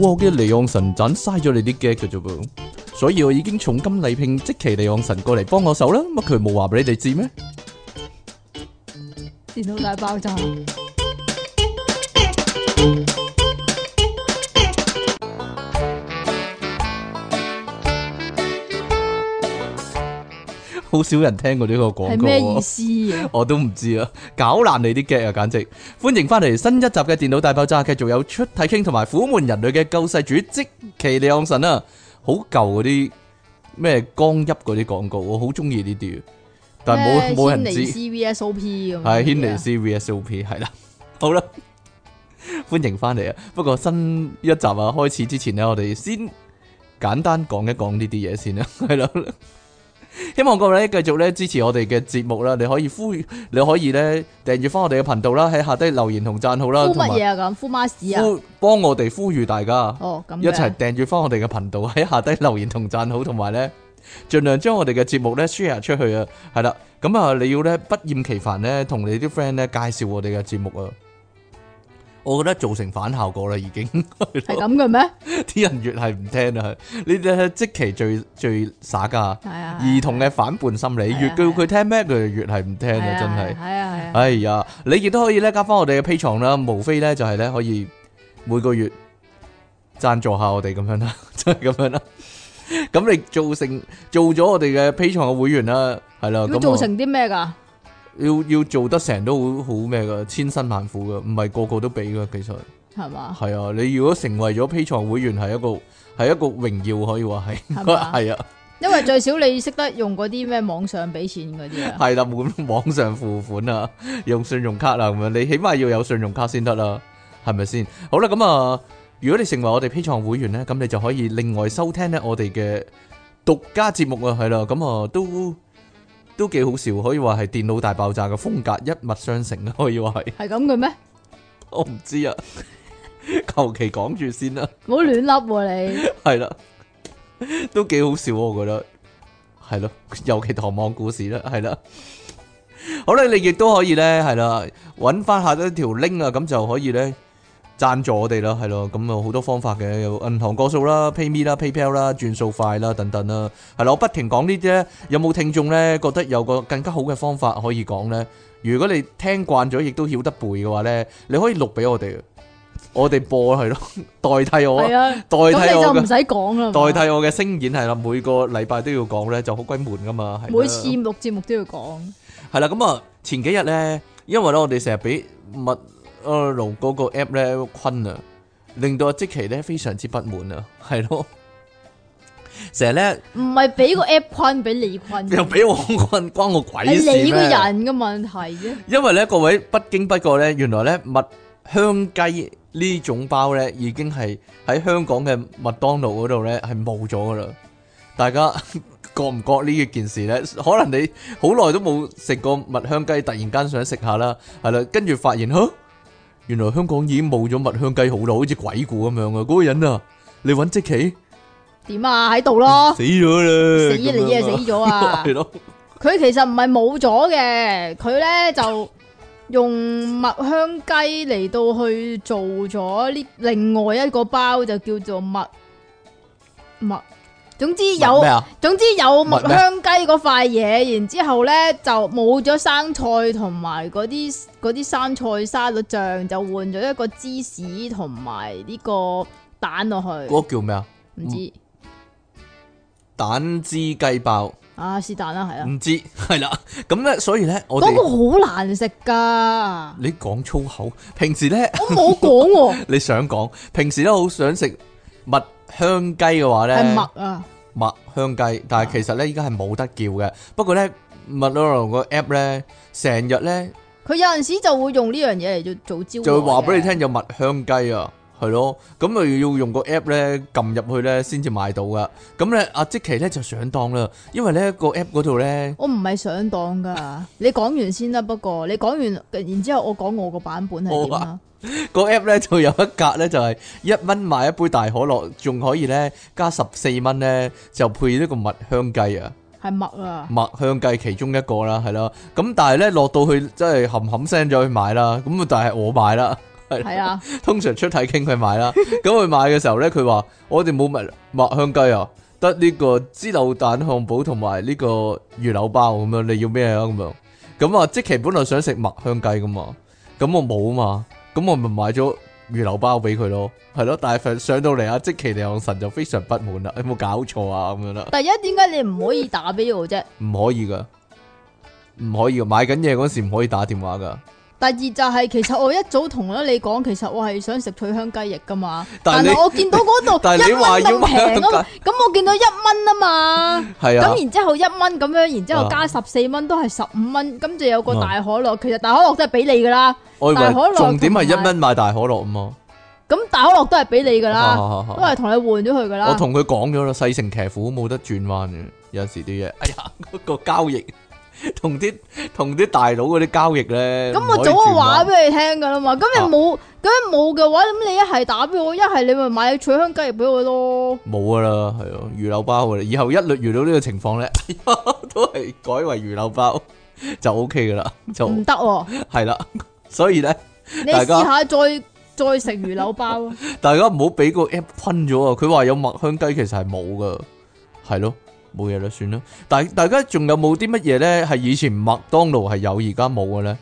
我嘅離岸神陣嘥咗你啲 gem 㗎啫噃，所以我已經重金禮聘積淇離岸神過嚟幫我手啦。乜佢冇話俾你哋知咩？電腦大爆炸。好少人聽過呢個廣告，咩意思啊？我都唔知啊，搞爛你啲 gag 啊，簡直！歡迎翻嚟新一集嘅電腦大爆炸，繼續有出體 king，同埋虎門人類嘅救世主積淇離岸神啊！好舊嗰啲咩光邑嗰啲廣告，我好中意呢啲，但係冇冇人知。係軒尼詩 V S O P，係啦，OP, 好啦，歡迎翻嚟啊！不過新一集啊，開始之前呢，我哋先簡單講一講呢啲嘢先啦，係啦。 希望各位繼續咧支持我哋嘅節目啦，你可以呼，你可以咧訂閱翻我哋嘅頻道啦，喺下低留言同讚好啦。呼乜嘢啊咁？呼媽屎啊！呼，幫我哋呼籲大家，哦，咁，一齊訂閱翻我哋嘅頻道，喺下低留言同讚好，同埋咧盡量將我哋嘅節目咧 share 出去啊，係啦，咁啊你要咧不厭其煩咧同你啲 friend 咧介紹我哋嘅節目啊。我覺得造成反效果啦，已經係咁嘅咩？啲人越係唔聽啊！你哋係即期最最耍噶，啊、兒童嘅反叛心理，越叫佢聽咩，佢就越係唔聽啊！真係越，係啊係啊！哎呀，你亦都可以咧加翻我哋嘅 Patreon 啦，無非咧就係咧可以每個月贊助下我哋咁 這樣啦，真係咁樣啦。咁你造成做咗我哋嘅 Patreon 嘅會員啦，係咯咁。造成啲咩噶？要要做得成都好好咩噶，千辛萬苦噶，唔係個個都俾噶，其實係嘛？係啊，你如果成為咗 Patreon 會員，係一個係一個榮耀，可以話係係啊。因為最少你識得用嗰啲咩網上俾錢嗰啲 啊，係啦，冇咁網上付款啊，用信用卡啦咁啊，你起碼要有信用卡先得啦，係咪先？好啦、啊，咁啊，如果你成為我哋 Patreon 會員咧，咁你就可以另外收聽咧我哋嘅獨家節目啊，係啦、啊，咁啊都。都幾好笑，可以話係電腦大爆炸嘅風格一脈相承咯，可以話係。係咁嘅咩？我唔知啊，求其講住先啦、啊。唔好亂笠你。係啦， 都幾好笑、啊，我覺得係咯，尤其唐網故事啦，係啦。好啦，你亦都可以咧，係啦，搵翻下啲條 link 啊，咁就可以咧。贊助我哋咯，係咯，咁啊好多方法嘅，有銀行過數啦、PayMe 啦、PayPal 啦、轉數快啦等等啦，係啦，我不停講呢啲咧，有冇聽眾咧覺得有個更加好嘅方法可以講咧？如果你聽慣咗，亦都曉得背嘅話咧，你可以錄俾我哋，我哋播係咯，代替我，代替我，就唔使講啦，代替我嘅聲演係啦，每個禮拜都要講咧，就好鬼悶噶嘛，每次錄節目都要講。係啦，咁啊前幾日咧，因為咧我哋成日俾物。阿龍嗰個 app 咧困啊，令到阿積淇咧非常之不滿啊，係咯，成日咧唔係俾個 app 困，俾你困，又俾我困，關我鬼事咩？係你個人嘅問題嘅。因為咧，各位不經不覺咧，原來咧麥香雞呢種包咧，已經係喺香港嘅麥當勞嗰度咧係冇咗噶啦。大家覺唔覺呢一件事咧？可能你好耐都冇食過麥香雞，突然間想食下啦，係啦，跟住發現呵～原來香港已經冇咗麥香雞好咯，好似鬼故咁樣啊！嗰個人啊，你揾即期點啊？喺度咯，死咗啦！死咗你而家死咗啊！佢其實唔係冇咗嘅，佢咧就用麥香雞嚟到去做咗呢另外一個包，就叫做麥麥。總之有，麼總之有麥香雞嗰塊嘢，麼然之後咧就冇咗生菜同埋嗰啲啲生菜沙律醬，就換咗一個芝士同埋呢個蛋落去。嗰個叫咩啊？唔知蛋芝雞爆啊？是但啦，係啊？唔知係啦。咁呢，所以呢，我嗰個好難食噶。你講粗口，平時呢？我冇講、啊。 你想講平時都好想食麥香雞嘅話咧，係麥啊麥香雞，但係其實咧依家係冇得叫嘅。不過咧麥樂龍個 app 咧成日咧，佢有陣時就會用呢樣嘢嚟做招，就會話俾你聽有麥香雞啊，係咯，咁咪要用個 app 咧撳入去咧先至買到噶咁咧阿積淇咧就上當啦，因為咧個 app 嗰度咧，我唔係上當噶，你講完先啦。不過你講完，然之後我講我個版本係點啦。 個 app 咧就有一格咧，就係一蚊買一杯大可樂，仲可以咧加十四蚊咧就配呢個麥香雞啊，係麥啊麥香雞其中一個啦，係咯咁。但係咧落到去真係冚冚聲咗去買啦，咁啊但係我買啦，係係啊，的 通常出體 King 佢買啦。咁佢 買嘅時候咧，佢話我哋冇麥麥香雞啊，得呢個豬柳蛋漢堡同埋呢個魚柳包咁樣。你要咩啊？咁樣咁啊？即係本來想食麥香雞噶嘛，咁我冇啊嘛。咁我咪買咗魚柳包俾佢咯，係咯，但係上到嚟啊，積淇離岸神就非常不滿啦，有冇搞錯啊咁樣啦？第一，點解你唔可以打俾我啫？唔 可以噶，唔可以，買緊嘢嗰時唔可以打電話噶。第二就係、係，其實我一早同咗你講，其實我係想食脆香雞翼噶嘛。但係你我見到嗰度一蚊咁平咁，咁我見到一蚊啊嘛。係啊。咁然之後一蚊咁樣，然之後加十四蚊都係十五蚊，咁、啊、就有個大可樂。啊、其實大可樂都係俾你噶啦。大可樂重點係一蚊買大可樂啊嘛。咁大可樂都係俾你噶啦，啊啊啊、都係同你換咗佢噶啦。我同佢講咗啦，勢成騎虎冇得轉彎嘅，有陣時啲嘢。哎呀，嗰、嗰個交易。同啲同啲大佬嗰啲交易咧，咁、嗯啊、我早我話俾你聽噶啦嘛，咁你冇，咁冇嘅話，咁你一係打俾我，一係你咪買取香雞俾我咯。冇噶啦，係啊，魚柳包啦，以後一律遇到呢個情況咧， 都係改為魚柳包就 OK 噶啦，就唔得，係啦、啊， 所以咧，你試下再再食魚柳包， 大家唔好俾個 app 吞咗啊！佢話有麥香雞，其實係冇噶，係咯。冇嘢啦，算啦。但係大家仲有冇啲乜嘢咧？係以前麥當勞係有，而家冇嘅咧。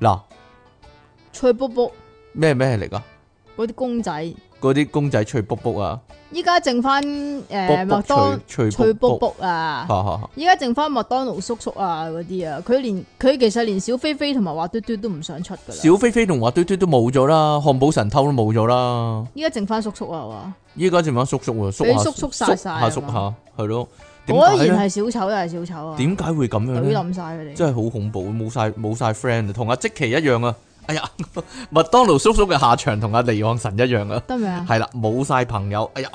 嗱，脆卜卜咩咩嚟噶？嗰啲公仔，嗰啲公仔脆卜卜啊！依家剩翻誒麥當脆脆卜卜啊！依家剩翻麥當勞叔叔啊！嗰啲 啊，佢連佢其實連小菲菲同埋滑嘟嘟都唔想出噶啦。小菲菲同滑嘟嘟都冇咗啦，漢堡神偷都冇咗啦。依家剩翻叔叔啊嘛！依家剩翻叔叔叔縮縮縮下叔下，係被 咯。果然係小丑又係小丑啊！點解會咁樣咧？懟晒佢哋，真係好恐怖，冇晒冇晒 friend 啊！同阿積淇一樣啊！哎呀，麥當勞叔叔嘅下場同阿離岸神一樣啊！得未啊？係啦，冇晒朋友，哎呀，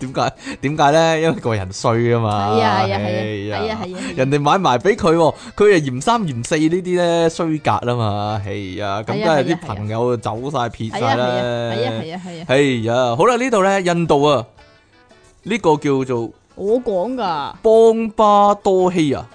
點解點解咧？因為個人衰啊嘛！係啊係啊係啊係啊！人哋買埋俾佢，佢又嫌三嫌四呢啲咧，衰格啊嘛！哎呀，咁梗係啲朋友走晒撇晒啦！係啊係啊係啊！哎呀。好啦，呢度咧，印度啊，呢個叫做。我講噶，邦巴多希啊，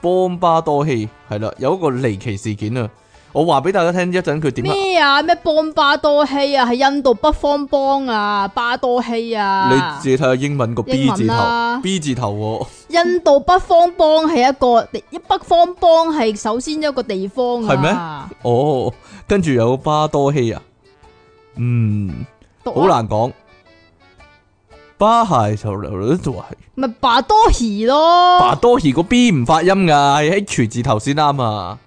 邦巴多希係啦，有一個離奇事件啊，我話俾大家聽一陣佢點啊咩啊咩邦巴多希啊，係印度北方邦啊，巴多希啊，你自己睇下英文個 B 字頭 B 字頭，印度北方邦係一個一 北方邦係首先一個地方係、啊、咩？哦，跟住有巴多希啊，嗯，好、啊、難講。巴係就嚟都係，咪巴多爾咯？巴多爾個 B 唔發音噶，係 H 字頭先啱啊。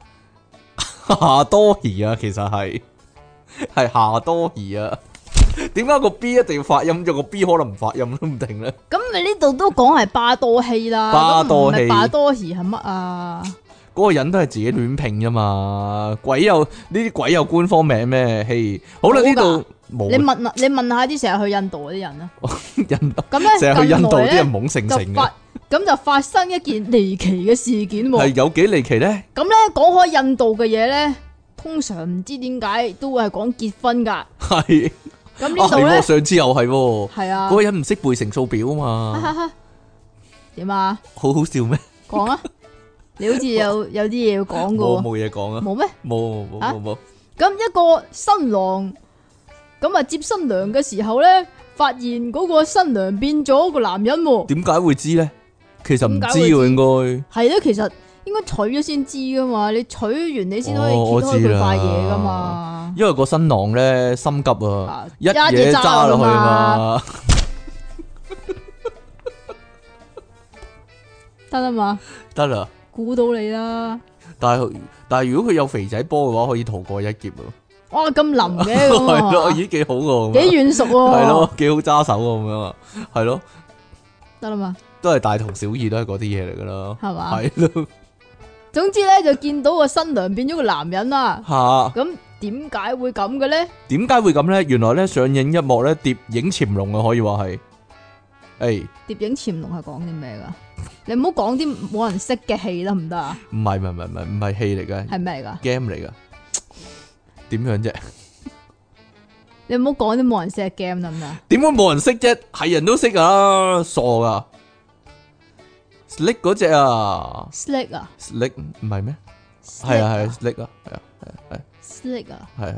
夏多爾啊，其實係係夏多爾啊。點 解個 B 一定要發音？仲個 B 可能唔發音都唔定咧。咁你呢度都講係巴多爾啦，都唔係巴多爾係乜啊？嗰個人都係自己亂拼啫嘛，鬼有呢啲鬼有官方名咩？嘿，好啦，呢度你問你問下啲成日去印度嗰啲人啦，印度咁咧，懵成成，近來咧就發咁就發生一件離奇嘅事件喎。係有幾離奇咧？咁咧講開印度嘅嘢咧，通常唔知點解都會係講結婚噶。係咁呢度咧，上次又係，係啊，嗰個人唔識背乘數表啊嘛。點啊？好好笑咩？講啊！你好似有 有啲嘢要講嘅，冇嘢講啊，冇咩，冇冇冇冇。咁一個新郎咁啊接新娘嘅時候咧，發現嗰個新娘變咗個男人喎。啊，點解會知咧？其實唔知嘅應該係咯，其實應該娶咗先知噶嘛，你娶完你先可以揭開佢塊嘢噶嘛、哦。因為個新郎咧心急啊，一嘢揸落去嘛。得啦嘛，得啦。估到你啦！但係但係，如果佢有肥仔波嘅話，可以逃過一劫咯。哇，咁林嘅，係咯，咦，已經幾好噶，幾軟熟喎，係咯，幾好揸手噶咁樣啊，係咯 ，得啦嘛，都係大同小異，都係嗰啲嘢嚟噶啦，係嘛了，係咯。總之咧，就見到個新娘變咗個男人啦。吓下，咁點解會咁嘅咧？點解會咁咧？原來咧，上映一幕咧，諜影潛龍啊，可以話係。誒，諜影潛龍係講啲咩噶？你唔好講啲冇人識嘅戲得唔得啊？唔係唔係唔係唔係戲嚟嘅，係咩嚟噶？Game 嚟噶，點樣啫？你唔好講啲冇人識嘅 game 得唔得？點會冇人識啫？係人都識啊，傻噶！Slick 嗰隻啊，Slick 啊，Slick 唔係咩？係啊係啊 Slick 啊，係啊係啊係 Slick 啊，係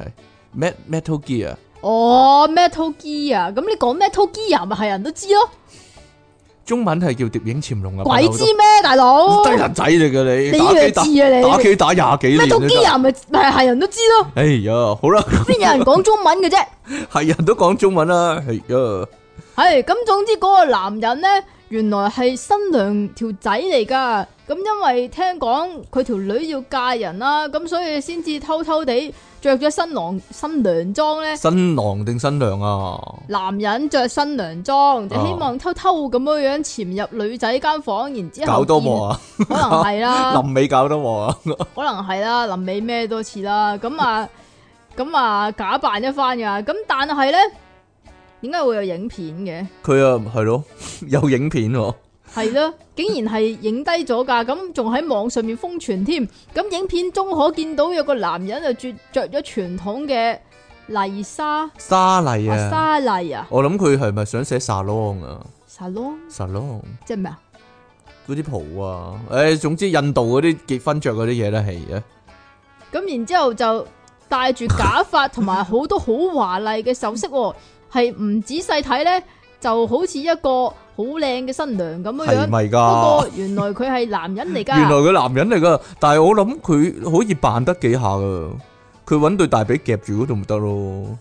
係 Metal Gear 啊。哦，Metal Gear 啊？咁你講 Metal Gear 啊？咪係人都知咯。Hey, yeah, 中文係叫《蝶影潛龍》啊。鬼知咩，大佬？人仔嚟噶你。你以為啊你。打機打廿幾年。Metal Gear 啊？咪係係人都知咯。哎呀，好啦。邊有人講中文嘅啫？係人都講中文啦。係啊。係咁，總之嗰個男人咧，原來係新娘條仔嚟噶。咁因為聽講佢條女要嫁人啦，咁所以先至偷偷地。着咗新郎新娘裝咧，新郎定新娘啊？男人着新娘裝，就、啊、希望偷偷咁樣樣潛入女仔間房間，然之後搞多幕啊？可能係啦，臨尾 搞多幕啊？可能係啦，臨尾咩多次啦，咁啊，咁啊，假扮一番嘅，咁但係咧，點解會有影片嘅？佢啊，係咯， 有影片喎、啊。係咯， 竟然係影低咗架咁仲喺網上面瘋傳添。咁影片中可見到有個男人就着着咗傳統嘅麗莎，莎麗啊，莎麗啊，我諗佢係咪想寫沙龍啊？沙龍，沙龍，即係咩啊？嗰啲袍啊，誒、哎，總之印度嗰啲結婚着嗰啲嘢咧，係嘅。咁然之後就戴住假髮，同埋好多好華麗嘅首飾，係唔仔細睇咧，就好似一個。好靚嘅新娘咁嘅樣，不過原來佢係男人嚟噶。原來佢男人嚟噶，但係我諗佢可以扮得幾下噶。佢搵對大髀夾住嗰度咪得咯？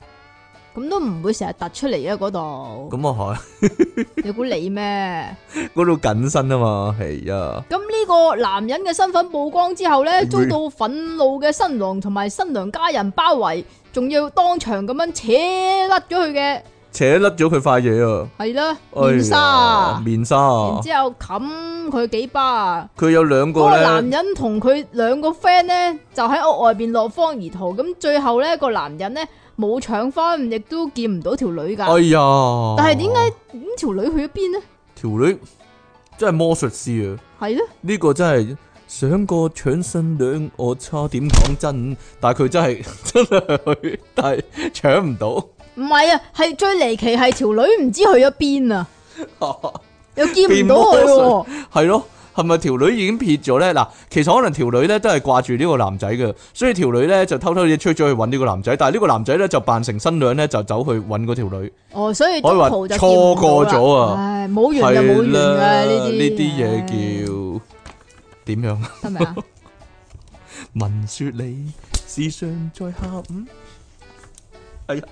咁都唔會成日突出嚟啊！嗰度咁啊，係，你估你咩？嗰度緊身啊嘛，係啊。咁呢個男人嘅身份曝光之後咧，遭到憤怒嘅新郎同埋新娘家人包圍，仲要當場咁樣扯甩咗佢嘅。扯甩咗佢塊嘢啊！係啦、 哎，面紗，面紗，然之後冚佢幾巴。佢有兩個個男人同佢兩個 friend 咧就喺屋外邊落荒而逃。咁最後咧個男人咧冇搶翻，亦都見唔到條女噶。哎呀！但係點解呢條女去咗邊呢？條女真係魔術師啊！係咧呢，呢個真係想過搶新娘，我差點講真，但係佢真係真係去，但係搶唔到。唔係啊，係最離奇係條女唔知去咗邊啊，又見唔到佢喎。係咯，係咪條女已經撇咗咧？嗱，其實可能條女咧都係掛住呢個男仔嘅，所以條女咧就偷偷哋出咗去揾呢個男仔，但係呢個男仔咧就扮成新娘咧就走去揾嗰條女。哦，所以中途就錯過咗啊！唉、哎，冇完就冇的完啊！呢啲呢啲嘢叫點的樣？得未啊？聞說你，時常在下午。哎呀！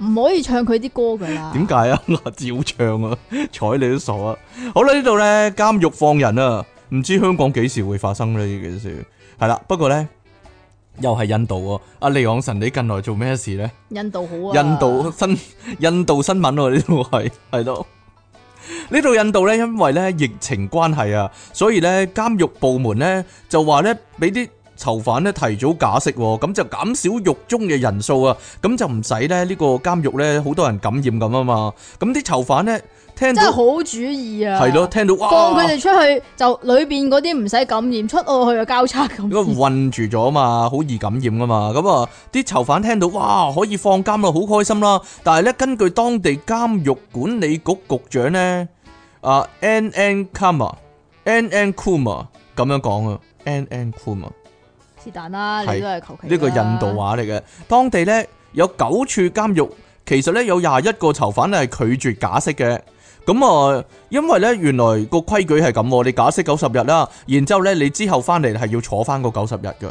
唔可以唱佢啲歌噶啦，點解啊？我照唱啊，睬你都傻啊！好啦，呢度咧，監獄放人啊，唔知香港幾時會發生呢件事？係啦，不過咧又係印度喎，阿離岸神，你近來做咩事咧？印度好啊，印度新印度新聞喎，呢度係，係咯，呢度印度咧，因為咧疫情關係啊，所以咧監獄部門咧就話咧俾啲。囚犯咧提早假釋，咁就減少獄中嘅人數啊，咁就唔使咧呢個監獄咧好多人感染咁啊嘛。咁啲囚犯咧聽到真係好主意啊，係咯，聽到放佢哋出去就裏邊嗰啲唔使感染出外去嘅交叉感染。因為困住咗嘛，好易感染㗎嘛。咁啊，啲囚犯聽到哇可以放監啦，好開心啦。但係咧，根據當地監獄管理局局長咧，阿 N N Kumar N N Kumar 咁樣講啊，N N Kumar。是但啦，你都係求其。呢個印度話嚟嘅，當地呢有九處監獄，其實呢，有廿一個囚犯呢係拒絕假釋嘅。咁啊，因為呢，原來個規矩係咁，你假釋九十日啦，然之後呢你之後翻嚟係要坐翻個九十日嘅，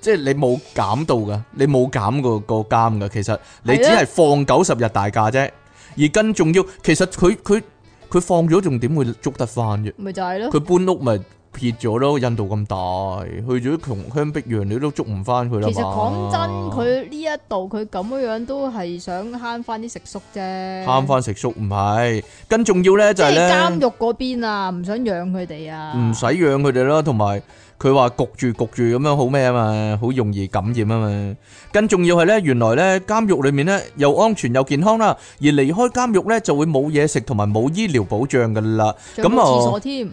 即係你冇減到噶，你冇減過個監噶。其實你只係放九十日大假啫，而更重要，其實佢佢佢放咗仲點會捉得翻啫？咪就係咯，佢搬屋咪。撇咗咯，印度咁大，去咗窮鄉僻壤，你都捉唔翻佢啦。其實講真，佢呢一度佢咁樣樣都係想慳翻啲食宿啫。慳翻食宿唔係，更重要咧就喺監獄嗰邊啊，唔想養佢哋啊，唔使養佢哋啦。同埋佢話焗住焗住咁樣好咩啊嘛，好容易感染啊嘛。更重要係咧，原來咧監獄裏面咧又安全又健康啦，而離開監獄咧就會冇嘢食同埋冇醫療保障噶啦。咁啊，冇廁所添。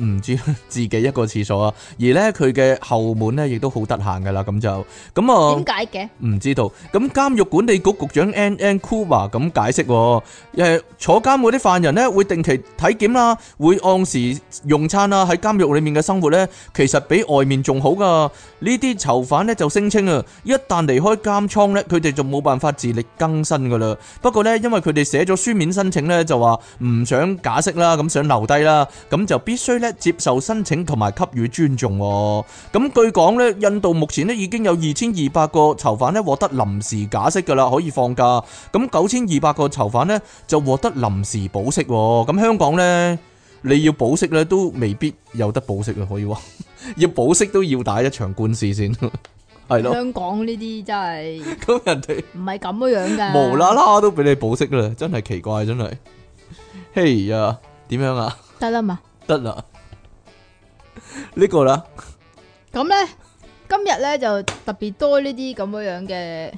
唔知自己一個廁所啊，而咧佢嘅後門咧亦都好得閒噶啦，咁就咁啊，點解嘅？唔知道。咁監獄管理局局長 Ann Ann Cooper 咁解釋，誒坐監嗰啲犯人咧會定期體檢啦，會按時用餐啦，喺監獄裏面嘅生活咧其實比外面仲好噶。呢啲囚犯咧就聲稱啊，一旦離開監倉咧，佢哋就冇辦法自力更生噶啦。不過咧，因為佢哋寫咗書面申請咧，就話唔想假釋啦，咁想留低啦，咁就必須，咧，接受申請同埋給予尊重，咁據講咧，印度目前咧已經有二千二百個囚犯咧獲得臨時假釋噶啦，可以放假。咁九千二百個囚犯咧就獲得臨時保釋。咁香港咧，你要保釋咧都未必有得保釋嘅，可以話，要保釋都要打一場官司先，係咯。香港呢啲真係，咁人哋唔係咁樣嘅，無啦啦都俾你保釋啦，真係奇怪，真係。嘿呀，點樣啊？得啦嘛？得啦。呢個啦，咁咧今日咧就特別多呢啲咁樣樣嘅，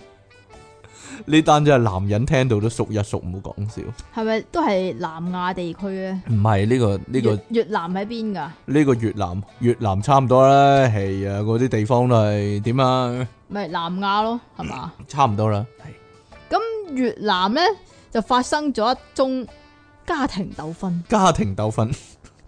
呢單真係男人聽到都縮一縮，唔好講笑。係咪都係南亞地區咧？唔係呢個呢個越南喺邊㗎？呢個越南越南差唔多啦，係啊，嗰啲地方都係點啊？咪南亞咯，係嘛？差唔多啦。咁越南咧就發生咗一宗家庭糾紛。家庭糾紛。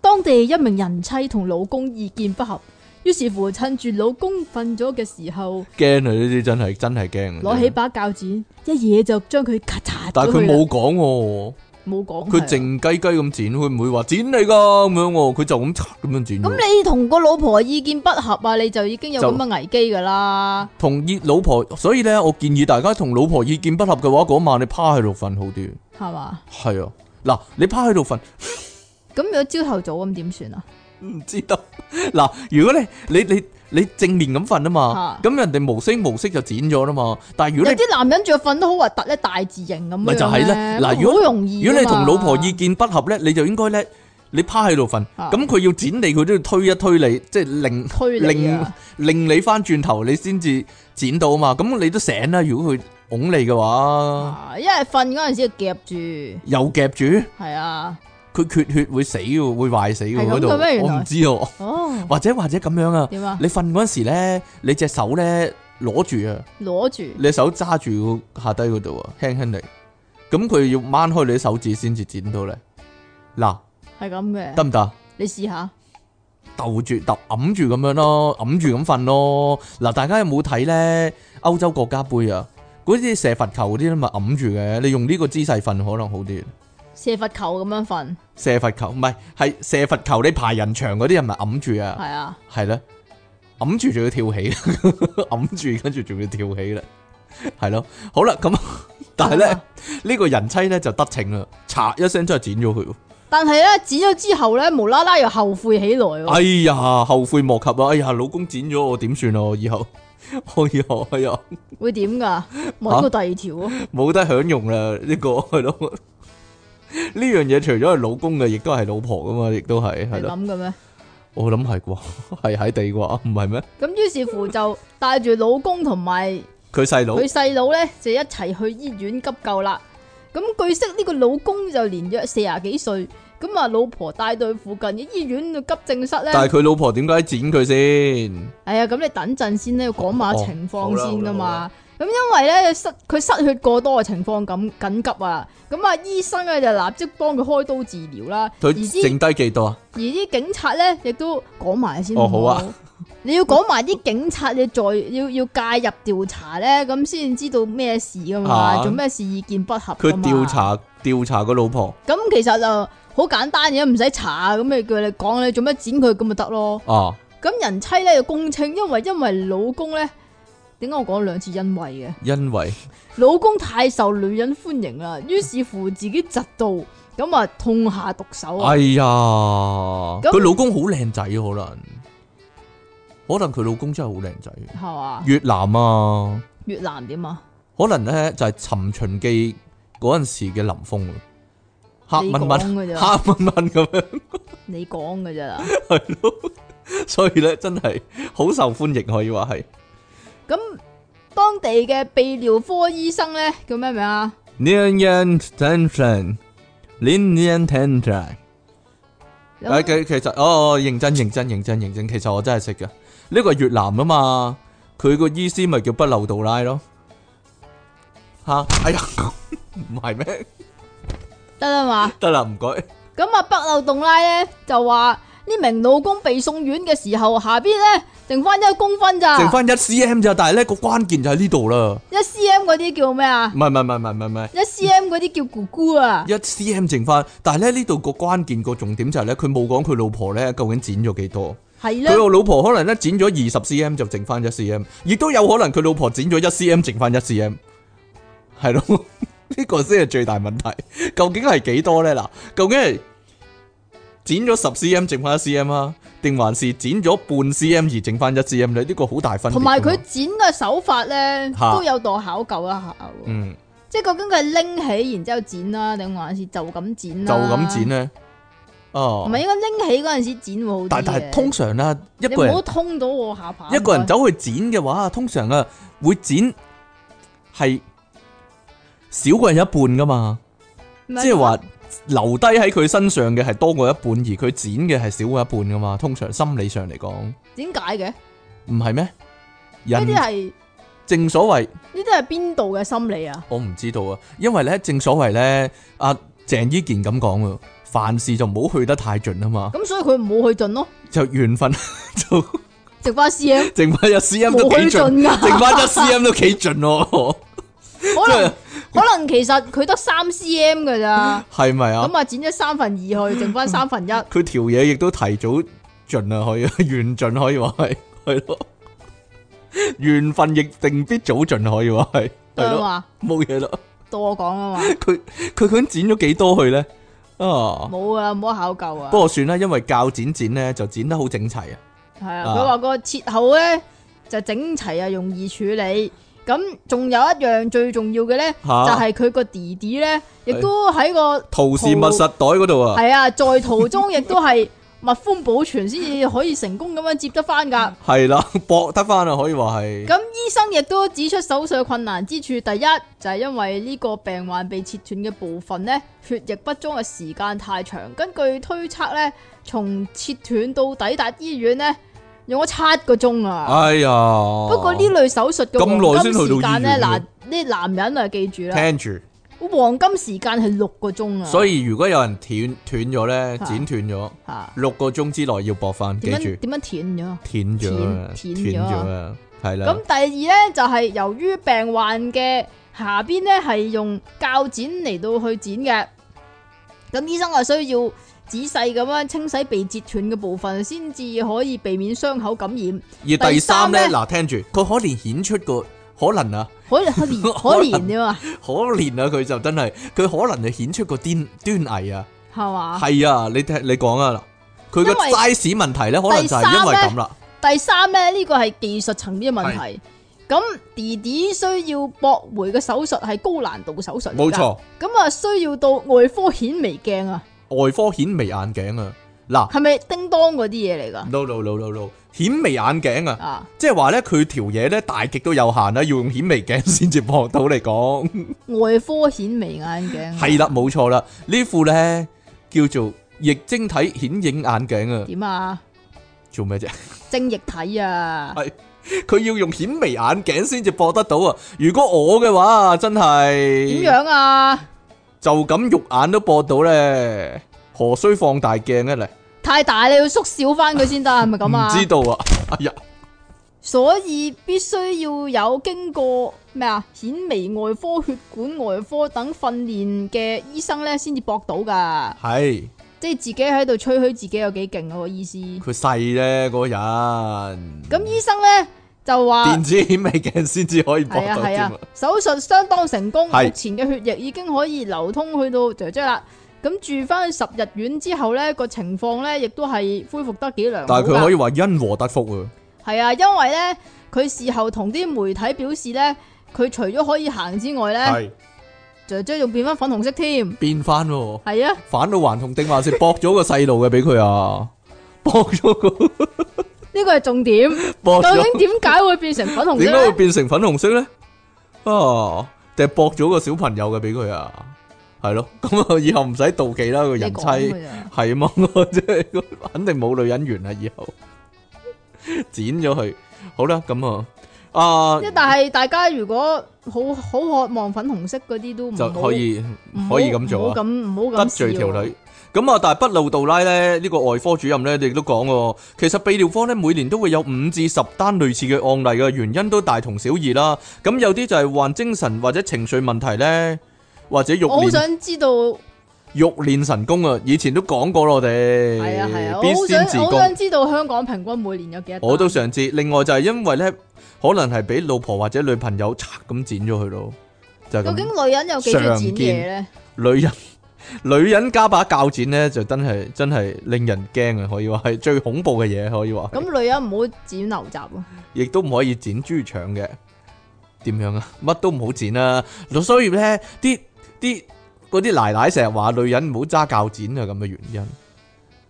當地一名人妻同老公意見不合，於是乎趁住老公瞓咗嘅時候，驚啊呢啲真係真係驚！攞起把鉸剪，一嘢就將佢咔嚓。但係佢冇講，冇講，佢靜雞雞咁剪，佢唔會話剪你噶咁樣。佢就咁咁樣剪。咁你同個老婆意見不合啊？你就已經有咁嘅危機噶啦。同老婆，所以咧，我建議大家同老婆意見不合嘅話，嗰晚你趴喺度瞓好啲，係嘛？係啊，嗱，你趴喺度瞓。咁如果朝頭早咁點算啊？唔知道嗱，如果你你你你正面咁瞓啊嘛，咁人哋無聲無息就剪咗啦嘛。但係如果你啲男人仲要瞓得好核突咧，大字型咁咪就係咧。嗱，如果好容易，如果你同老婆意見不合咧，你就應該咧，你趴喺度瞓，咁佢要剪你，佢都要推一推你，即係令令令你翻轉頭，你先至剪到啊嘛。咁你都醒啦，如果佢拱你嘅話，因為瞓嗰陣時要夾住，又夾住，係啊。佢缺血會死喎，會壞死喎，嗰度我唔知哦。Oh. 或者或者咁樣啊，點啊？你瞓嗰陣時咧，著你隻手咧攞住啊，攞住，你手揸住下低嗰度啊，輕輕地，咁佢要掹開你手指先至剪到咧。嗱，係咁嘅，得唔得？你試下，鬥住、揞住咁樣咯，揞住咁瞓咯。嗱，大家有冇睇咧？歐洲國家杯啊，嗰啲射罰球嗰啲吖咪揞住嘅？你用呢個姿勢瞓可能好啲。射罰球咁樣瞓，射罰球唔係係射罰球，罰球你排人牆嗰啲人咪揞住啊？係啊，係咯，揞住仲要跳起，揞住跟住仲要跳起啦，係咯，好啦，咁但係咧呢、啊、個人妻咧就得逞啦，嚓一聲真係剪咗佢，但係咧剪咗之後咧無啦啦又後悔起來，哎呀後悔莫及、哎、啊！哎呀老公剪咗我點算啊？以後，哎呀哎呀，會點噶？買個第二條啊？冇得享用啦呢、這個係咯。呢樣嘢除咗係老公嘅，亦都係老婆噶嘛，亦都係係諗嘅咩？我諗係啩，係喺地啩，唔係咩？咁於是乎就帶住老公同埋佢細佬，佢細佬咧就一齊去醫院急救啦。咁據悉呢個老公就年約四十幾歲，咁啊老婆帶到佢附近嘅醫院嘅急症室咧。但係佢老婆點解剪佢先？係啊，咁你等陣先咧，要講下情況先啊嘛。咁因為咧，失佢失血過多嘅情況咁緊急啊，咁啊醫生咧，就立即幫佢開刀治療啦。佢剩低幾多啊？而啲警察咧亦都講埋先。哦好啊！你要講埋啲警察，你再要要介入調查咧，咁先知道咩事噶嘛？啊、做咩事意見不合？佢調查調查個老婆。咁其實就好簡單嘅，唔使查，咁咪叫你講你做咩剪佢，咁咪得咯。哦、啊。咁人妻咧，就供稱，因為因為老公咧。點解我講兩次因為嘅？因為老公太受女人歡迎啦，於是乎自己窒到咁啊，痛下毒手。哎呀，佢這樣 老公好靚仔，可能可能佢老公真係好靚仔。係啊吧，越南啊，越南點啊？可能咧就係《尋秦記》嗰陣時嘅林峰，黑文文，黑文文咁樣。 你講嘅啫，係咯。所以咧，真係好受歡迎，可以話係。咁當地嘅泌尿科醫生咧叫咩名啊？Leonard Tension，Leonard Tension。誒，其其實哦，認真認真認真認真，其實我真係識㗎。呢個係越南啊嘛，佢個醫師咪叫北漏洞拉咯。吓，哎呀，唔係咩？得啦嘛，得啦，唔該。咁啊，北漏洞拉咧就話。呢名老公被送院嘅時候，下邊咧剩翻一公分咋？剩翻一 cm 咋？但係咧個關鍵就喺呢度啦。一 cm 嗰啲叫咩啊？唔係唔係唔係唔係唔係一 cm 嗰啲叫姑姑啊！一 cm 剩翻，但係咧呢度個關鍵個重點就係咧，佢冇講佢老婆咧究竟剪咗幾多？係啦呢，佢個老婆可能咧剪咗二十 cm 就剩翻一 cm，亦都有可能佢老婆剪咗一 cm, cm 剩翻一 cm，係咯？呢 個先係最大問題，究竟係幾多咧？嗱，究竟係？剪咗十 cm，剩翻一 cm 啊？定還是剪咗半 cm 而剩翻一 cm？你呢個好大分同埋佢剪嘅手法咧，都有度考究一下。嗯、啊，即係究竟佢係拎起然之後剪啦，定還是就咁剪就咁剪咧？哦，唔係應該拎起嗰陣時剪喎。但係通常啦，一唔好通到我下巴。一個人走去剪嘅話，通常啊會剪係少過人一半噶嘛？即係話。留低喺佢身上嘅係多過一半，而佢剪嘅係少過一半噶嘛？通常心理上嚟講，點解嘅？唔係咩？呢啲係正所謂呢啲係邊度嘅心理啊？我唔知道啊，因為咧正所謂咧阿鄭伊健咁講，凡事就唔好去得太盡啊嘛。咁所以佢唔好去盡咯、啊，就緣緣分 就剩翻 C M，剩翻一 C M 都幾盡噶，盡啊、剩翻一 C M 都幾盡咯、啊。 可能 可能其實佢得三 cm 噶咋，係咪啊？咁啊剪咗三分二去，剩翻三分一。佢條嘢亦都提早盡啦，盡可以緣盡可以話係係咯，緣分亦定必早盡可以吧話係係咯，冇嘢咯。到我講啊嘛，佢佢佢剪咗幾多去咧？啊，冇啊，冇考究啊。不過算啦，因為鉸剪剪咧就剪得好整齊了啊。係啊，佢話個切口咧就整齊啊，容易處理。咁仲有一樣最重要嘅呢，蛤就係佢個弟弟呢，亦都喺、個圖示密實袋嗰度啊。係啊，在途中亦都係密封保存，先至可以成功咁樣接得翻噶。係啦，搏得翻啊，可以話係。咁醫生亦都指出手術困難之處，第一就係、是、因為呢個病患被切斷嘅部分呢，血液不足嘅時間太長。根據推測呢，從切斷到抵達醫院呢。用咗七個鐘啊！哎呀呦，不過呢類手術嘅黃金時間咧，嗱，呢男人啊，記住啦，聽住 T anger. 黃金時間係六個鐘啊！所以如果有人斷斷咗咧，剪斷咗，啊、六個鐘之內要駁翻，記住。點樣斷咗？斷咗，斷咗啊！係啦。咁了第二咧就係、是、由於病患嘅下邊咧係用鉸剪嚟到去剪嘅，咁醫生啊需要。仔細咁樣清洗被截斷嘅部分，先至可以避免傷口感染。而第三咧，嗱、啊，聽住佢可憐顯出個可能啊，可憐 可可憐啫嘛，可憐啊，佢就真係佢可能就顯出個端端倪啊，係嘛，係啊，你聽你講啊啦，佢個 size 問題咧，可能就係因為咁啦。第三咧，呢個係技術層面嘅問題。咁是弟弟需要駁回嘅手術係高難度手術，冇錯錯。咁啊，需要到外科顯微鏡啊。外科顯微眼鏡啊，嗱、啊，係咪叮噹嗰啲嘢嚟噶？No no no no no，no, no，顯微眼鏡啊，即係話咧，佢條嘢咧大極都有限啦，要用顯微鏡先至播到嚟講。外科顯微眼鏡係啦，冇錯啦，呢副咧叫做液晶體顯影眼鏡啊。點啊？做咩啫？精液體啊？係，佢要用顯微眼鏡先至播得到啊！如果我嘅話，真係點樣啊？就咁肉眼都駁到咧，何須放大鏡呢？嚟，太大，你要縮小翻佢先得，係咪咁啊？唔知道啊！哎呀，所以必須要有經過咩啊顯微外科、血管外科等訓練嘅醫生咧，先至駁到噶。係是，即係自己喺度吹嘘自己有幾勁嗰個意思。佢細咧嗰人。咁醫生咧？就話電子顯微鏡先至可以睇到添。啊啊、 手術相當成功，目是前嘅血液已經可以流通去到姐姐啦。咁住翻去十日院之後咧，個情況咧亦都係恢復得幾良好。但係佢可以話因禍得福啊！係啊，因為咧佢事後同啲媒體表示咧，佢除咗可以行之外咧，姐姐仲變翻粉紅色添，變翻係 啊，返到還童定還是駁咗個細路嘅俾佢啊，駁咗個。呢個係重點，究竟點解會變成粉紅？點解會變成粉紅色咧？啊，就係駁咗個小朋友嘅俾佢啊，係咯，咁啊以後唔使妒忌啦個人妻，係嘛，即係肯定冇女人緣啦，以後剪咗佢，好啦，咁啊，啊，即係但係大家如果好好渴望粉紅色嗰啲都就可以，可以咁做啊，唔好咁，唔好咁得罪條女。咁啊，但係不老道拉咧，呢、這個外科主任咧，亦都講，其實泌尿科咧每年都會有五至十單類似嘅案例嘅，原因都大同小異啦。咁有啲就係患精神或者情緒問題咧，或者欲練，我好想知道欲練神功啊！以前都講過咯、啊啊，我哋係啊係啊，我好想知道香港平均每年有幾多？我都想知。另外就係因為咧，可能係俾老婆或者女朋友拆咁剪咗佢咯，就是、究竟女人有幾多剪嘢咧？見女人。 女人加把鉸剪咧，就真係真係令人驚啊！可以話係最恐怖嘅嘢，可以話。咁女人唔好剪牛雜啊，亦 都唔可以剪豬腸嘅。點樣啊？乜都唔好剪啊！所以咧，啲啲嗰啲奶奶成日話女人唔好揸鉸剪係咁嘅原因。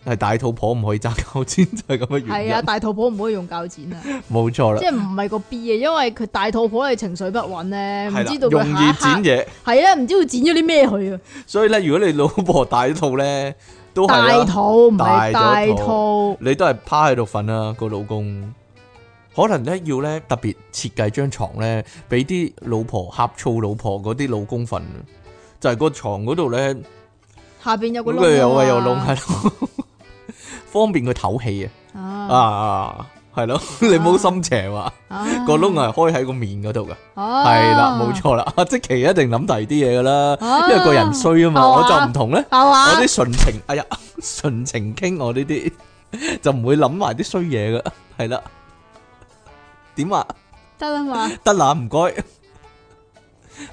係大肚婆唔可以揸鉸剪，就係咁嘅原因。係啊，大肚婆唔可以用鉸剪啊，冇錯啦。即係唔係個 B 啊，因為佢大肚婆係情緒不穩咧，唔、啊、知道容易剪嘢，係啊，唔知佢剪咗啲咩佢啊。所以咧，如果你老婆大肚咧，都係大肚唔係大肚，大大肚你都係趴喺度瞓啊。個老公可能咧要咧特別設計張床咧，俾啲老婆呷醋老婆嗰啲老公瞓，就係、是、個床嗰度咧下邊有個窿。佢又係又窿係。方便佢透氣啊！啊，係咯，你冇心邪嘛？個窿係開喺個面嗰度噶，係啦，冇錯啦。阿即其一定諗第二啲嘢噶啦，因為個人衰啊嘛，我就唔同咧。我啲純情，哎呀，純情傾我呢啲就唔會諗埋啲衰嘢噶，係啦。點啊？得啦嘛？得啦，唔該。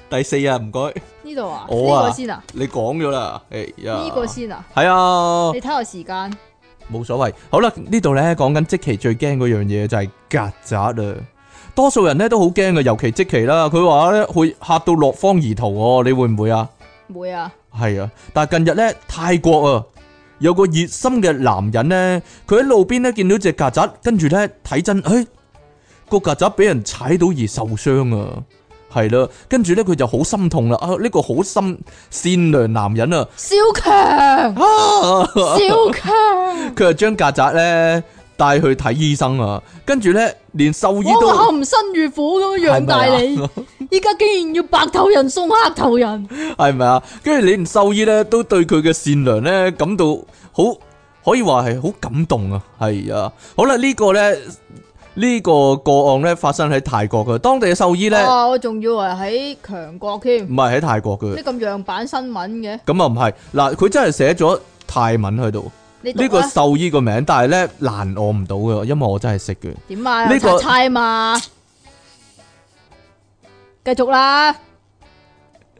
第四日唔該。呢度啊？我啊？先啊？你講咗啦？誒呀？呢個先啊？係啊？你睇下時間。冇所謂，好啦，呢度呢，講緊積淇最驚嗰樣嘢，就係曱甴啊！多數人呢都好驚嘅，尤其積淇啦，佢話呢會嚇到落荒而逃哦，你會唔會啊？會啊！係啊，但係近日呢，泰國啊有個熱心嘅男人呢，佢喺路邊呢見到隻曱甴，跟住呢睇真，哎、欸，個曱甴俾人踩到而受傷啊！係咯，跟住咧佢就好心痛啦！啊，呢、這個好心善良男人啊，小強、啊，小強，佢係將曱甴咧帶去睇醫生啊，跟住咧連獸醫都含辛茹苦咁樣養大你，依 家竟然要白頭人送黑頭人，係 咪啊？跟住連獸醫咧都對佢嘅善良咧感到好，可以話係好感動啊！係啊，好啦，這個、呢個咧。呢個個案咧發生喺泰國嘅，當地嘅獸醫咧。啊，我仲以為喺強國添。唔係喺泰國嘅。即咁樣版新聞嘅。咁啊唔係，嗱佢真係寫咗泰文喺度。呢個獸醫個名，但係咧難我唔到嘅，因為我真係識嘅。點啊？呢、個泰文。猜猜嘛。繼續啦。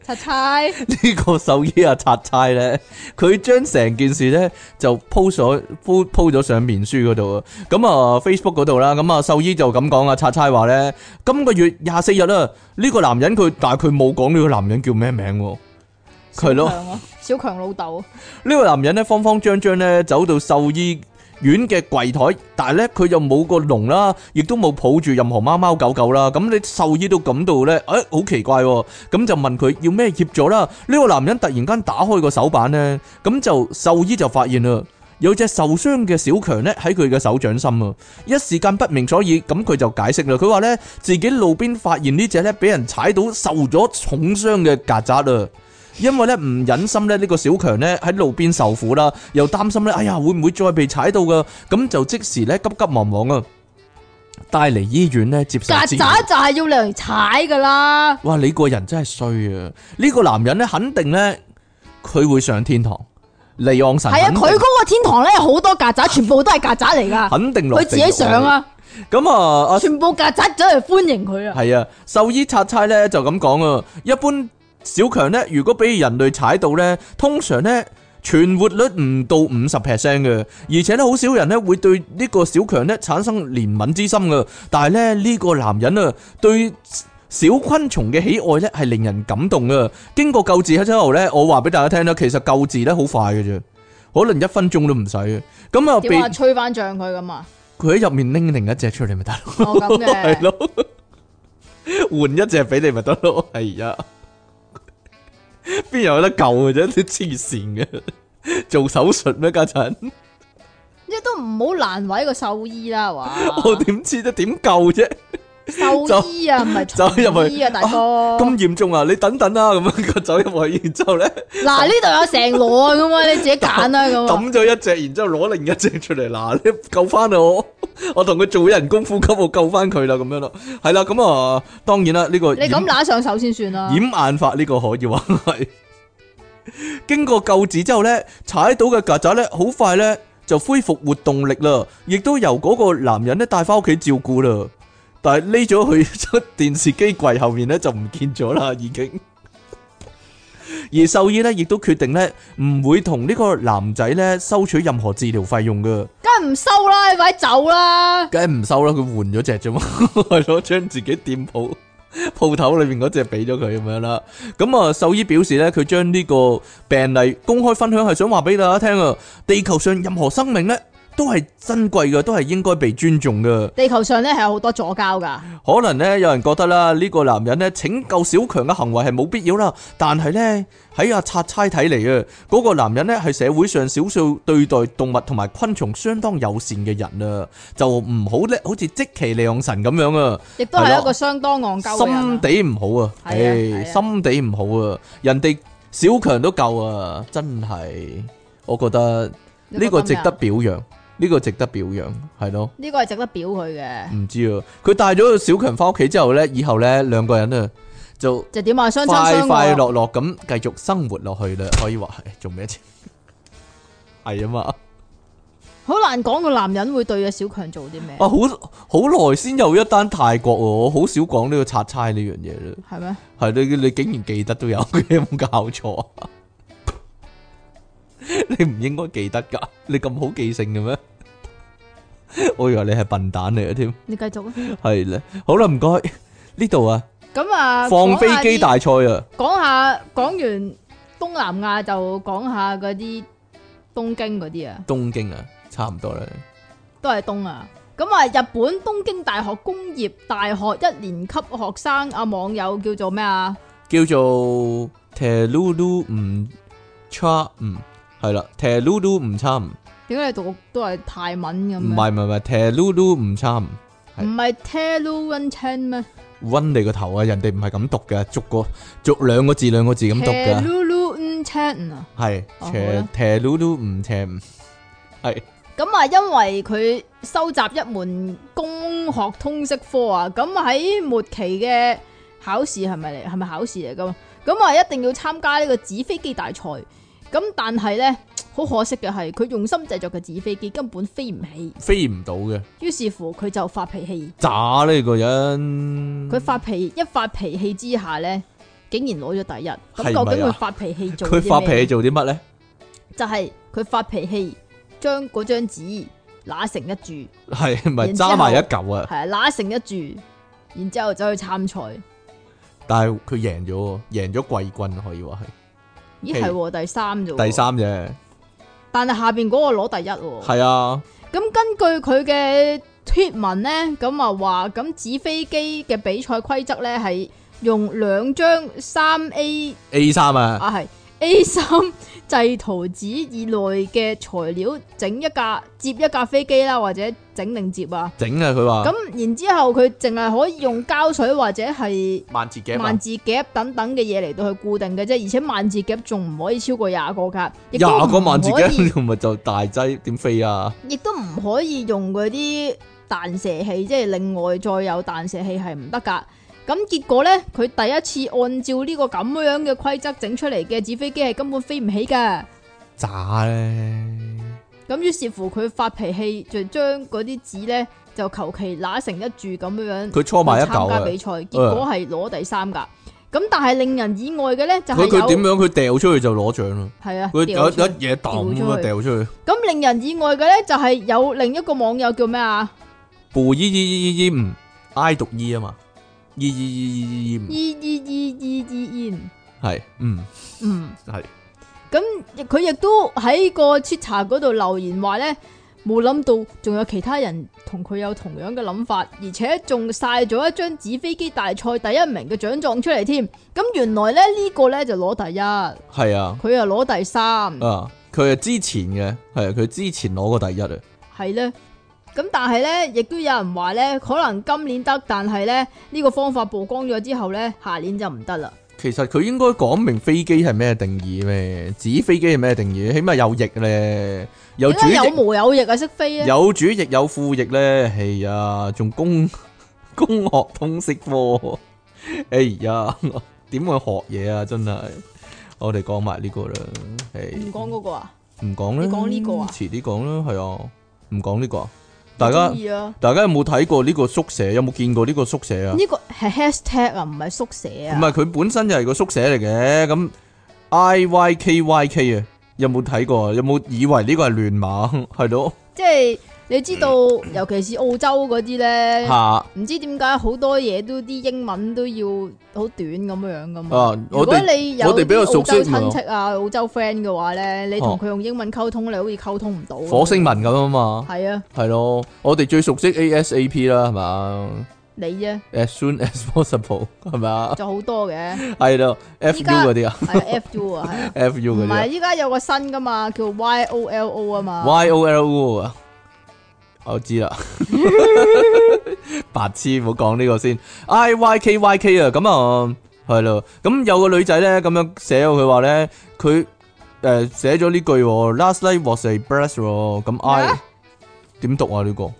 拆差， 差呢個獸醫啊，拆差咧，佢將成件事咧就鋪咗鋪鋪咗上面書嗰度啊。咁啊，Facebook 嗰度啦，咁啊，獸醫就咁講啊，拆差話咧，今個月廿四日啦，啊，呢、呢個男人佢但係佢冇講呢個男人叫咩名，佢咯，啊，小強 老豆。呢個男人咧慌慌張張咧走到獸醫院嘅櫃台，但係呢，佢就冇個籠啦，亦都冇抱住任何貓貓狗狗啦。咁你獸醫都感到呢，誒、哎，好奇怪喎，哦。咁就問佢要咩協助啦。呢、這個男人突然間打開個手板呢，咁就獸醫就發現啦，有隻受傷嘅小強呢喺佢嘅手掌心啊。一時間不明所以，咁佢就解釋啦。佢話呢，自己路邊發現呢隻呢俾人踩到受咗重傷嘅曱甴啊。因為咧唔忍心咧呢個小強咧喺路邊受苦啦，又擔心咧，哎呀會唔會再被踩到噶？咁就即時咧急急忙忙啊，帶嚟醫院咧接受。曱甴就係要嚟踩噶啦！哇，你個人真係衰啊！呢個男人咧，肯定咧，佢會上天堂。利昂神係啊，佢嗰個天堂咧，好多曱甴，全部都係曱甴嚟噶， 肯定佢自己上啊。咁啊，全部曱甴走嚟歡迎佢啊。係啊，獸醫拆差咧就咁講啊，一般。小強咧，如果俾人類踩到咧，通常咧存活率唔到五十 percent 嘅，而且咧好少人咧會對呢個小強咧產生憐憫之心嘅。但係咧呢個男人啊，對小昆蟲嘅喜愛咧係令人感動嘅。經過救治喺之後咧，我話俾大家聽啦，其實救治咧好快嘅啫，可能一分鐘都唔使嘅。咁又點話吹翻漲佢咁啊？佢喺入面拎另一隻出嚟咪得咯，係咯，換一隻俾你咪得咯，係啊。邊有得救嘅啫，啲黐線嘅，做手術咩？家陣一都唔好難為個獸醫啦，話我點知得點救啫？獸醫啊，唔係走入去啊，大哥咁嚴重啊！你等等啦，咁樣個走入去，然之後咧嗱，呢度有成籮啊，咁啊，你自己揀啦，咁抌咗一隻，然之後攞另一隻出嚟嗱，你救翻我，我同佢做人工呼吸，我救翻佢啦，咁樣咯，係啦，咁啊，當然啦，呢個你咁拿上手先算啦，掩眼法呢個可以話係經過救治之後咧，踩到嘅曱甴咧，好快咧就恢復活動力啦，亦都由嗰個男人咧帶翻屋企照顧啦。但係匿咗去出電視機櫃後面咧，就唔見咗啦，已經。而獸醫咧，亦都決定咧，唔會同呢個男仔咧收取任何治療費用噶梗係唔收啦，你快走啦！梗係唔收啦，佢換咗隻啫嘛，為咗將自己店鋪鋪頭裏面嗰隻俾咗佢咁樣啦。咁啊，獸醫表示咧，佢將呢個病例公開分享，係想話俾大家聽啊，地球上任何生命咧。都係珍貴嘅，都係應該被尊重嘅。地球上咧係有好多左膠噶。可能呢，有人覺得啦，呢個男人呢拯救小強嘅行為係冇必要啦。但係呢，喺阿拆差睇嚟啊，嗰個男人呢係社會上少數對待動物同埋昆蟲相當友善嘅人啊，就唔好咧好似積淇離岸神咁樣啊。亦都係一個相當戇鳩嘅人。心地唔好啊，唉、啊，啊啊、心地唔好啊。人哋小強都救啊，真係我覺得呢個值得表揚。呢個值得表揚，係咯？呢個係值得表佢嘅。唔知啊，佢帶咗小強翻屋企之後咧，以後咧兩個人啊就就點啊，相快快樂樂咁繼續生活落去啦。可以話係做咩啫？係啊 嘛，好難講個男人會對阿小強做啲咩啊！好好耐先有一單泰國，我好少講呢個拆差呢樣嘢啦。係咩？係你你竟然記得都有嘅，有 冇搞錯。你唔應該記得㗎，你咁好記性嘅咩？我以為你係笨蛋嚟嘅添。你繼續啊。係啦，好啦，唔該。呢度啊，咁啊，放飛機大賽啊。講下講完東南亞就講下嗰啲東京嗰啲啊。東京啊，差唔多啦，都係東啊。咁啊，日本東京大學工業大學一年級學生啊，網友叫做咩啊？叫做鐵擼擼唔叉唔。係啦，Teru Lu 唔差。點解你讀都係泰文咁？唔係唔係唔係，Teru Lu 唔差。唔係 Teru Wen Chen 咩？溫你個頭啊！人哋唔係咁讀嘅，逐個逐個逐個，兩個字兩個字咁讀嘅。Teru Lu Wen Chen？Teru Lu 唔 Chen。係、嗯。咁啊，因為佢收集一門工學通識科啊，咁喺末期嘅考試係咪嚟？係咪考試嚟噶？咁啊，一定要參加呢個紙飛機大賽。咁但係咧，好可惜嘅係，佢用心製作嘅紙飛機根本飛唔起，飛唔到嘅。於是乎，佢就發脾氣，炸呢個人。佢發脾氣一發脾氣之下咧，竟然攞咗第一。咁嗎究竟佢發脾氣做？佢發脾氣做啲乜咧？就係佢發脾氣，將嗰張紙拉成一柱，係咪揸埋一嚿啊？係啊，拉成一柱，然之後就去參賽。但係佢贏咗，贏咗季軍可以話係。咦係第三啫，第三啫，三，但係下邊嗰個攞第一喎。係啊，咁根據佢嘅貼文咧，咁啊話咁紙飛機嘅比賽規則咧係用兩張三 A A 三啊，啊係 A 三。 制圖紙以內嘅材料整一架接一架飛機啦，或者整定接啊？整啊，佢話。咁然之後佢淨係可以用膠水或者係萬字夾、萬字夾等等嘅嘢嚟到去固定嘅啫，而且萬字夾仲唔可以超過廿個格，廿個萬字夾同埋 就大劑點飛啊？亦都唔可以用嗰啲彈射器，即係另外再有彈射器係唔得噶。咁結果咧，佢第一次按照呢個咁樣嘅規則整出嚟嘅紙飛機係根本飛唔起嘅，咋咧？咁於是乎，佢發脾氣就將嗰啲紙咧就求其攋成一柱咁樣樣。佢搓埋一嚿啊！參加比賽，結果係攞第三噶。咁但係令人意外嘅咧就係佢點樣？佢掉出去就攞獎啦。係啊，佢有一嘢抌咁掉出去。咁令人意外嘅咧就係有另一個網友叫咩啊？布依依依依依唔 I 讀 E 啊嘛。依依依依依依，依依依依依依，係， 嗯， 嗯，係 ，咁佢亦都喺個切查嗰度留言話咧，冇諗到仲有其他人同佢有同樣嘅諗法，而且仲晒咗一張紙飛機大賽第一名嘅獎狀出嚟添，咁原來咧呢個咧就攞第一，係是啊，佢又攞第三，啊，佢係之前嘅，係啊，佢之前攞過第一啊，係咧。咁但係咧，亦都有人話咧，可能今年得，但係咧呢、呢個方法曝光咗之後咧，下年就唔得啦。其實佢應該講明飛機係咩定義咩？紙飛機係咩定義？起碼有翼咧，有主翼有毛有翼啊，識飛啊，有主翼有副翼咧，哎呀、啊，仲工 工學通識課、哦，哎呀、啊，點 會學嘢啊？真係我哋講埋呢個啦，唔講嗰個啊，唔講咧，講呢個啊，遲啲講啦，係啊，唔講呢個、啊大家、啊、大家有冇睇過呢個宿舍？有冇見過呢個，宿舍，個、啊、宿舍啊？呢個係 hashtag 啊，唔係宿舍啊。唔係，佢本身就係個宿舍嚟嘅。咁 I Y K Y K 啊，有冇睇過啊？有冇以為呢個係亂碼？係 咯的。即係。你知道尤其是澳洲嗰啲咧，唔知點解好多嘢，都啲英文都要好短咁樣樣咁啊！如果你有澳洲親戚啊、澳洲 friend 嘅話咧，你同佢用英文溝通，你好似溝通唔到。火星文咁啊嘛！係啊，係咯，我哋最熟悉 ASAP 啦，係嘛？你啫，As soon as possible 係咪啊？就好多嘅，係咯，FU 嗰啲啊，係 FU 啊，FU 嗰啲。唔係，依家有個新噶嘛，叫 YOLO 啊嘛。YOLO 啊！我知啦，白痴，唔好講呢個先。I Y K Y K 啊、嗯，咁啊係咯，咁有個女仔咧咁樣寫佢話咧，佢誒寫咗呢、呃、句，last night was a blast 咯，咁 I 點讀啊呢、呢個？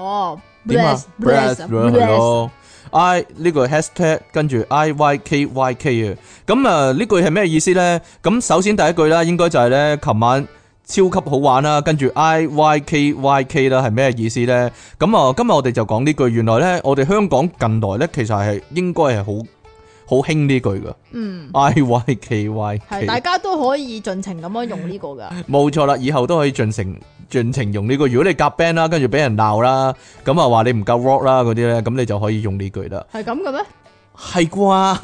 哦，點啊？blast 係咯，I 呢個 hashtag 跟住 I Y K Y K 啊，咁啊呢句係咩意思咧？咁、嗯、首先第一句啦，應該就係咧，琴晚。超級好玩啦，跟住 I Y K Y K 啦，係咩意思呢？咁啊，今日我哋就講呢句。原來呢，我哋香港近代呢，其實係應該係好好興呢句噶。嗯，I Y K Y 係大家都可以盡情咁樣用呢個噶。冇錯啦，以後都可以盡情盡情用呢個。如果你夾 band 啦，跟住俾人鬧啦，咁啊話你唔夠 rock 啦嗰啲呢，咁你就可以用呢句啦。係咁嘅咩？係啩？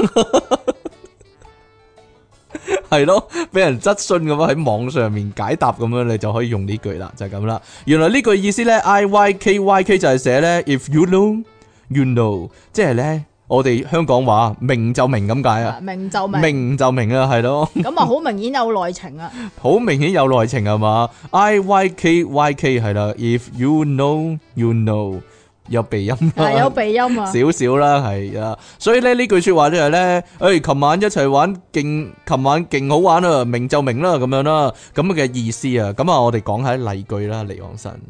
係咯，俾人質詢咁樣喺網上面解答咁樣，你就可以用呢句啦，就係咁啦。原來呢句意思呢 i Y K Y K 就係寫呢 i f you know, you know，即係呢，我哋香港話明就明咁解啊，明就明，明就明啊，係咯。咁啊，好明顯有內情啊，好 明顯有內情係嘛，I Y K Y K 係啦，If you know, you know。有鼻,音 有鼻音啊，有鼻音啊，少少啦，係啊，所以咧呢句說話就係、是、咧，誒、欸，琴晚一齊玩勁，琴晚勁好玩啊，明就明啦，咁樣啦，咁嘅意思啊，咁啊，我哋講下例句啦，離岸神，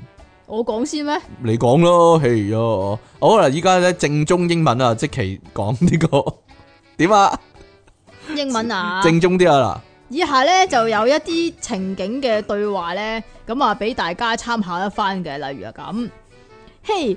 我講先咩？你講咯，嘿呀，好嗱，依家咧正宗英文、這個、 啊，即期講呢個點啊，英文啊，正宗啲啊嗱，以下咧就有一啲情景嘅對話咧，咁啊俾大家參考一番嘅，例如啊咁，嘿、hey,。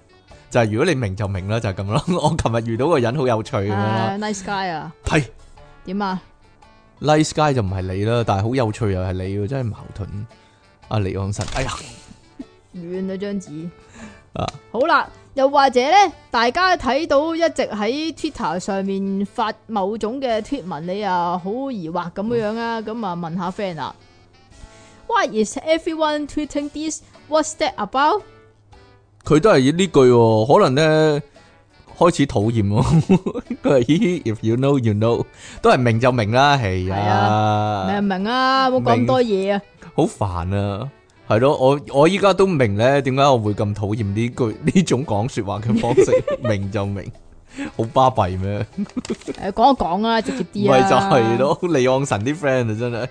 就係如果你明就明啦，就係咁咯。 我琴日遇到個人好有趣咁、啊、樣啦。Nice guy 啊？係點、哎、啊？Nice guy 就唔係你啦，但係好有趣又係你，真係矛盾。阿、啊、李昂神，哎呀，亂咗張紙啊！ 好啦，又或者咧，大家睇到一直喺 Twitter 上面發某種嘅貼文，你又好疑惑咁樣樣啊，咁啊、嗯、問下 friend 啦。Why is everyone tweeting this? What's that about? 佢都係要呢句喎，可能咧開始討厭咯。佢係嘻嘻，if you know you know，都係明就明啦，係啊，明唔明啊？冇講咁多嘢啊，好煩啊，係咯，我我依家都唔明咧，點解我會咁討厭呢句呢種講說話嘅方式？明就明，好巴閉咩？誒，講一講啊，直接啲啊，咪就係咯，離岸神啲 friend 啊，真係。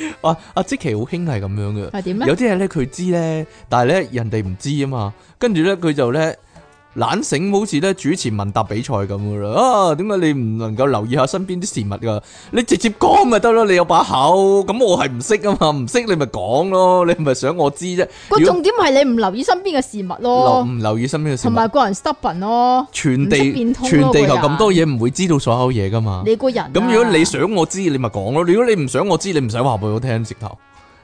啊，阿、啊、積淇好興係咁樣嘅，係點樣呢？有啲嘢咧佢知咧，但係咧人哋唔知啊嘛，跟住咧佢就咧。懶醒好似咧主持問答比賽咁噶啦，啊，點解你唔能夠留意下身邊啲事物噶？你直接講咪得咯，你有把口，咁我係唔識噶嘛，唔識你咪講咯，你咪想我知啫。個重點係你唔留意身邊嘅事物咯，唔留，留意身邊嘅事物同埋個人失分咯，全地全地球咁多嘢，唔會知道所有嘢噶嘛。你個人咁、啊，如果你想我知，你咪講咯；如果你唔想我知，你唔使話俾我聽直頭。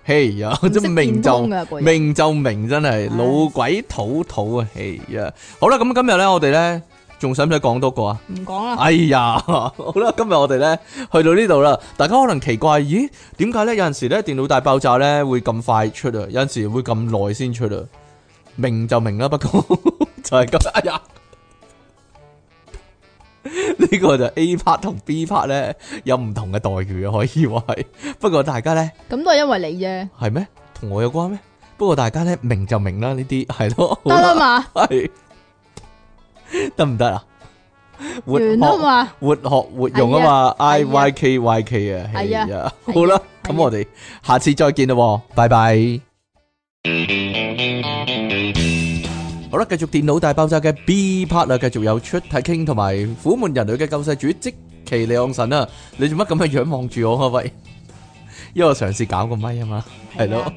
嘿呀，真明就明就明，真係老鬼土土啊！嘿呀，好啦，咁今日呢，我哋呢仲使唔使講多個啊？唔講啦。哎呀，好啦，今日我哋呢去到呢度啦，大家可能奇怪，咦，點解呢有陣時呢電腦大爆炸呢會咁快出啊？有陣時會咁耐先出啊？明就明啦，不過就係咁哎呀。呢個就 A part 同 B part 咧有唔同嘅待遇，可以話係。不過大家咧，咁都係因為你啫，係咩？同我有關咩？不過大家咧明就明啦，呢啲係咯，得啦嘛，係得唔得啊？活學啊嘛，活學活用啊嘛，I Y K Y K 啊，係啊，好啦，咁我哋下次再見啦，拜拜。好啦，繼續電腦大爆炸嘅 B part 啊，繼續有出體 king 同埋《虎門人類嘅救世主》積淇離岸神啊！你做乜咁嘅樣望住我啊？喂，因為我嘗試搞個咪啊嘛，係咯的。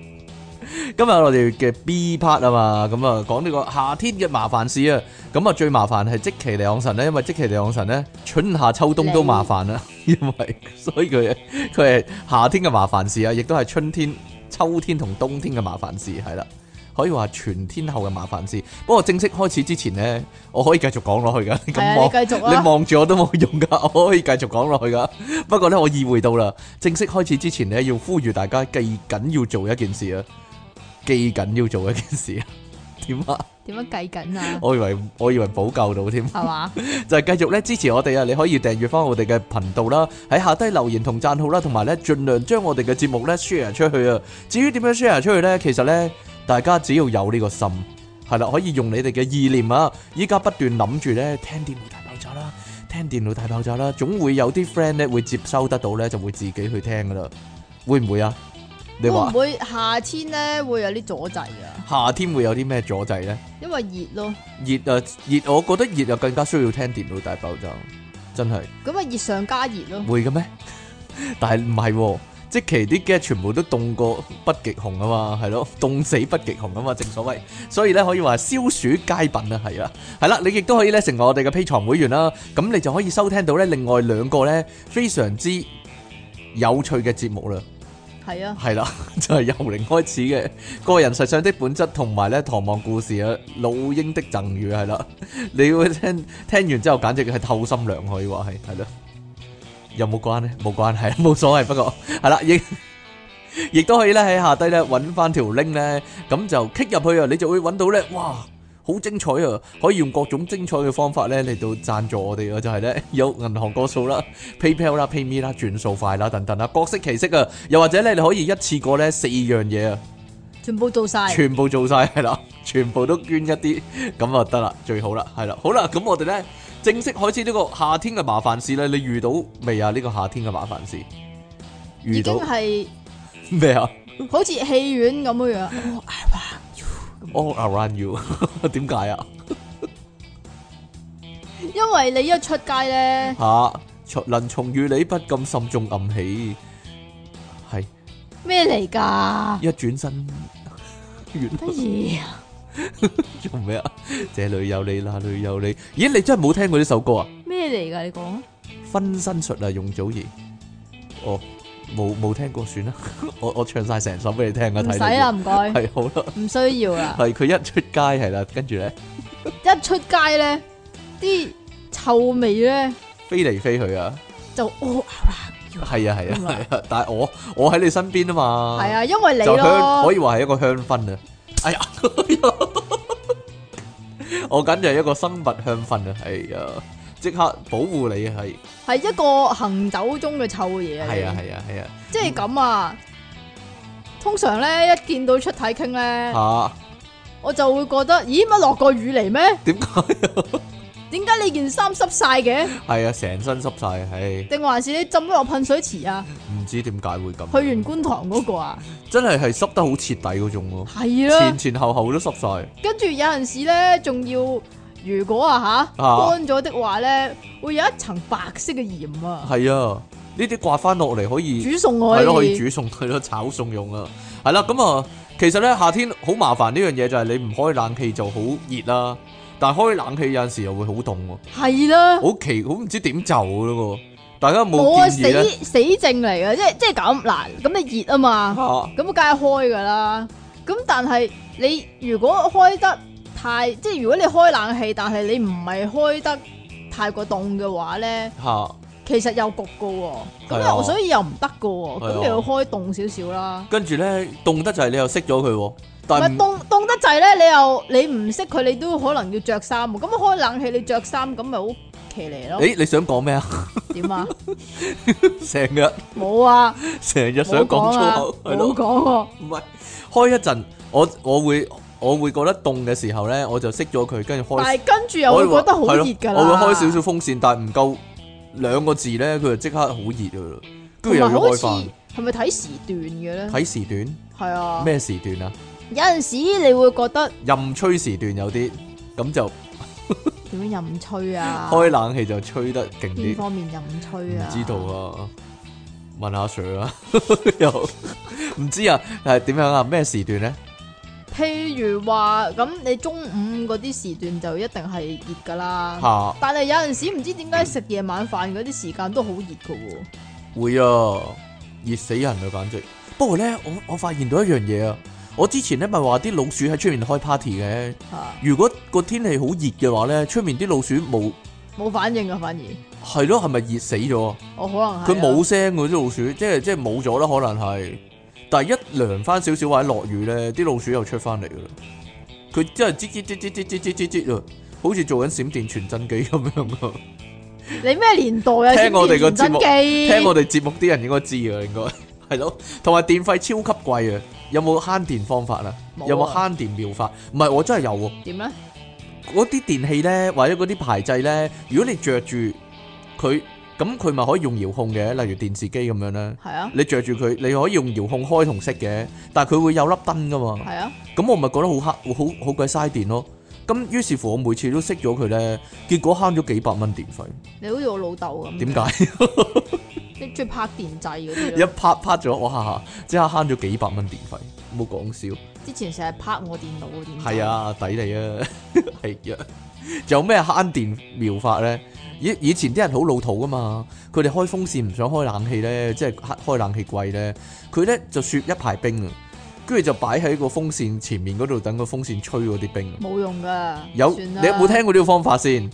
今日我哋嘅 B part 啊嘛，咁啊講呢個夏天嘅麻煩事啊，咁啊最麻煩係積淇離岸神咧，因為積淇離岸神咧，春夏秋冬都麻煩啦，你因為所以佢佢係夏天嘅麻煩事啊，亦都係春天、秋天同冬天嘅麻煩事係啦。可以話全天候嘅麻煩事，不過正式開始之前呢，我可以繼續講落去噶。係啊，繼續啦。你望住我都冇用噶，我可以繼續講落去噶。不過呢，我意會到啦，正式開始之前呢，要呼籲大家記緊要做一件事啊，記緊要做一件事啊，點啊？點樣計緊啊？我以為我以為補救到添，係嘛吧？ 就係繼續咧支持我哋啊！你可以訂閱翻我哋嘅頻道啦，喺下低留言同讚好啦，同埋咧盡量將我哋嘅節目咧 share 出去啊。至於點樣 share 出去呢？其實呢。大家只要有呢個心，係啦，可以用你哋嘅意念啊！依家不斷諗住咧，聽電腦大爆炸啦，聽電腦大爆炸啦，總會有啲 friend 咧會接收得到咧，就會自己去聽噶啦，會唔會啊？你會唔會夏天咧會有啲阻滯啊？夏天會有啲咩阻滯咧？因為熱咯，熱啊，熱、呃！我覺得熱就更加需要聽電腦大爆炸，真係。咁啊，熱上加熱咯。會嘅的咩？ 但係唔係喎。即其啲嘅全部都凍過北極熊啊嘛，係咯，凍死北極熊啊嘛，正所謂，所以咧可以話消暑佳品啊，係啊，係啦，你亦都可以咧成為我哋嘅 Patreon 會員啦，咁你就可以收聽到咧另外兩個咧非常之有趣嘅節目啦，係啊的，係啦，就係、是、由零開始嘅個人實相的本質同埋咧唐望故事啊，老鷹的贈語係啦，你會聽聽完之後簡直係透心涼，可以話係係啦。有冇關咧？冇關係，冇所謂。不過係啦，亦亦都可以咧喺下低咧揾翻條 link 咧，咁就 click 入去啊！你就會揾到咧，哇，好精彩啊！可以用各種精彩嘅方法咧嚟到贊助我哋嘅就係咧，有銀行個數啦、PayPal 啦、PayMe 啦、轉數快啦等等啦，各式其式啊！又或者咧，你可以一次過咧四樣嘢啊，全部做晒，全部做晒係啦，全部都捐一啲，咁啊得啦，最好啦，係啦，好啦，咁我哋咧。正式開始呢個夏天嘅麻煩事啦，你遇到未啊？呢、這個夏天嘅麻煩事，遇到係咩啊？麼好似戲院咁嘅樣、oh,，all around you，點解啊？因為你一出街咧，吓、 啊，能從與你不禁心中暗起，係咩嚟噶？一轉身，緣分。做咩啊？這裡有你，那裡有你。咦，你真係冇聽過呢首歌啊？咩嚟噶？你講分身術啊，容祖兒。哦，冇冇聽過，算啦。我我唱晒成首俾你聽啊！唔使啊，唔該。係好啦，唔需要啊。係佢一出街係啦，跟住咧一出街咧，啲臭味咧飛嚟飛去啊！就屙咬啊！係啊係啊係啊！但係我我喺你身邊啊嘛。係啊，因為你咯，可以話係一個香薰啊。哎呀， 我梗係一個生物香氛啊！哎呀，即刻保護你係係、哎、一個行走中嘅臭嘢啊！係啊係啊係啊！啊即係咁啊！通常咧一見到出體 King 咧，吓、啊、我就會覺得，咦乜落過雨嚟咩？點解什？ 點解你件衫濕曬嘅？係 啊，成身濕曬，唉！定還是你浸咗落噴水池啊？唔知點解會咁？去完觀塘嗰個啊， 真係係濕得好徹底嗰種咯，係啦，前前後後都濕曬，啊。跟住有陣時咧，仲要如果啊吓乾咗的話咧，會有一層白色嘅鹽啊。係啊，呢啲刮翻落嚟可以 煮餸，可以係咯，可以煮餸，係咯，炒餸用啊。係 啦、嗯，咁、嗯、啊，其實咧夏天好麻煩呢樣嘢，就係、是、你唔開冷氣就好熱啦。但係開冷氣有陣時又會、啊啊、好凍喎，係啦，好奇好唔知點就嘅咯喎，大家冇建議咧、啊、死死症嚟嘅，即係即係咁嗱，咁你熱啊嘛，咁梗係開噶啦，咁但係你如果開得太，即係如果你開冷氣，但係你唔係開得太過凍嘅話咧，啊、其實又焗嘅喎、啊，咁又、啊，所以又唔得嘅喎，咁、啊、你要開凍少少啦。跟住咧凍得就係你又熄咗佢。但係凍凍得滯咧，你又你唔識佢，你都可能要着衫。咁開冷氣，你着衫咁咪好騎呢咯？誒、欸，你想講咩樣 天啊？點啊？成日冇啊？成日想講粗口，冇講。唔係開一陣，我我會我會覺得凍嘅時候咧，我就熄咗佢，跟住開。但係跟住又會覺得好熱噶。我會開少少風扇，但係唔夠兩個字咧，佢就即刻好熱啊。跟住又要開飯。係咪睇時段嘅咧？睇時段係啊？咩時段啊？有陣時你會覺得任吹時段有啲咁，就點樣任吹啊？ 開冷氣就吹得勁啲。邊方面任吹啊？唔知道啊，問阿 Sir 啦。又唔知啊，係點樣啊？咩時段咧？譬如話咁，你中午嗰啲時段就一定係熱噶啦。吓、啊！但係有陣時唔知點解食夜晚飯嗰啲時間都好熱噶喎。會啊，熱死人啊，簡直。不過咧，我我，我發現到一樣嘢啊。我之前咧咪話啲老鼠喺出面開 party 嘅，如果個天氣好熱嘅話咧，出面啲老鼠冇冇反應啊，反而係咯，係咪熱死咗？我可能係佢冇聲噶啲老鼠，即係即係冇咗啦，可能係，但係一涼翻少少或者落雨咧，啲老鼠又出翻嚟噶啦，佢真係吱吱吱吱吱吱吱吱咯，好似做緊閃電傳真機咁樣噶。你咩年代啊？聽我哋嘅節目，聽我哋節目啲人應該知噶，應該。係咯，同埋電費超級貴啊！有冇慳電方法啊？有冇慳電妙法？唔係我真係有喎。點咧？嗰啲電器咧，或者嗰啲排掣咧，如果你着住佢，咁佢咪可以用遙控嘅，例如電視機咁樣咧。係啊。你着住佢，你可以用遙控開同熄嘅，但係佢會有粒燈噶嘛。係啊。咁我咪覺得好黑，好好鬼嘥電咯。咁於是乎，我每次都熄咗佢咧，結果慳咗幾百蚊電費。你好似我老豆咁。點解？你中意拍電掣嗰啲？ 一拍拍咗我下下，即刻慳咗幾百蚊電費，冇講笑。之前成日拍我電腦電啊，點？係啊，抵你啊，係 啊！仲有咩慳電妙法咧？以以前啲人好老土噶嘛，佢哋開風扇唔想開冷氣咧，即係開冷氣貴咧，佢咧就雪一排冰啊，跟住就擺喺個風扇前面嗰度等個風扇吹嗰啲冰，冇用噶。有了你有冇聽過呢個方法先？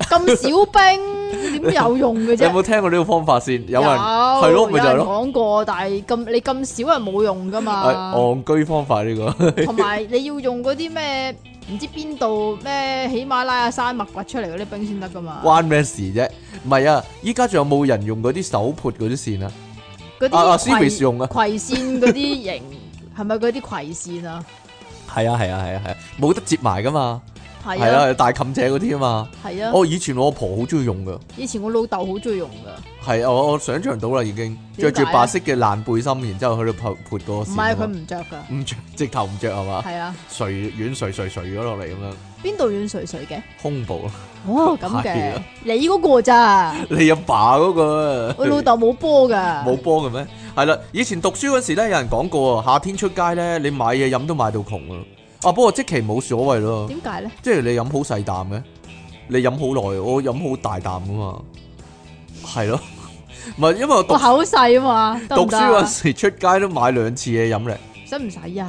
咁少冰點有用嘅啫？有冇聽過呢個方法先？有係咯，咪就講過，但係咁你咁少人冇用噶嘛？戇居方法呢個。同埋你要用嗰啲咩唔知邊度咩喜馬拉雅山脈掘出嚟嗰啲冰先得噶嘛？關咩事啫？唔係啊，依家仲有冇人用嗰啲手潑嗰啲線啊？嗰啲啊啊，C B 用啊，葵線嗰啲型係咪嗰啲葵線啊？係啊係啊係啊係啊，冇得接埋噶嘛。係啦、啊，大冚者嗰啲啊嘛。係啊。哦，以前我阿婆好中意用噶。以前我老豆好中意用噶。係、啊，我我想象到啦，已經着住白色嘅爛背心，然之後喺度拍潑個。唔係、啊，佢唔着噶。唔着，直頭唔着係嘛？係啊。垂軟垂垂垂咗落嚟，咁樣。邊度軟垂垂嘅？胸部。哦，咁嘅。啊、你嗰個咋？你阿爸嗰、嗰個。我老豆冇波噶。冇波嘅咩？係啦，以前讀書嗰時咧，有人講過夏天出街咧，你買嘢飲都買到窮啊。不過、啊、積淇冇所謂咯。點解咧？即係你飲好細啖嘅，你飲好耐，我飲好大啖噶嘛。係咯，唔係因為我，讀我口細啊嘛。行行讀書嗰時出街都買兩次嘢飲咧，使唔使呀？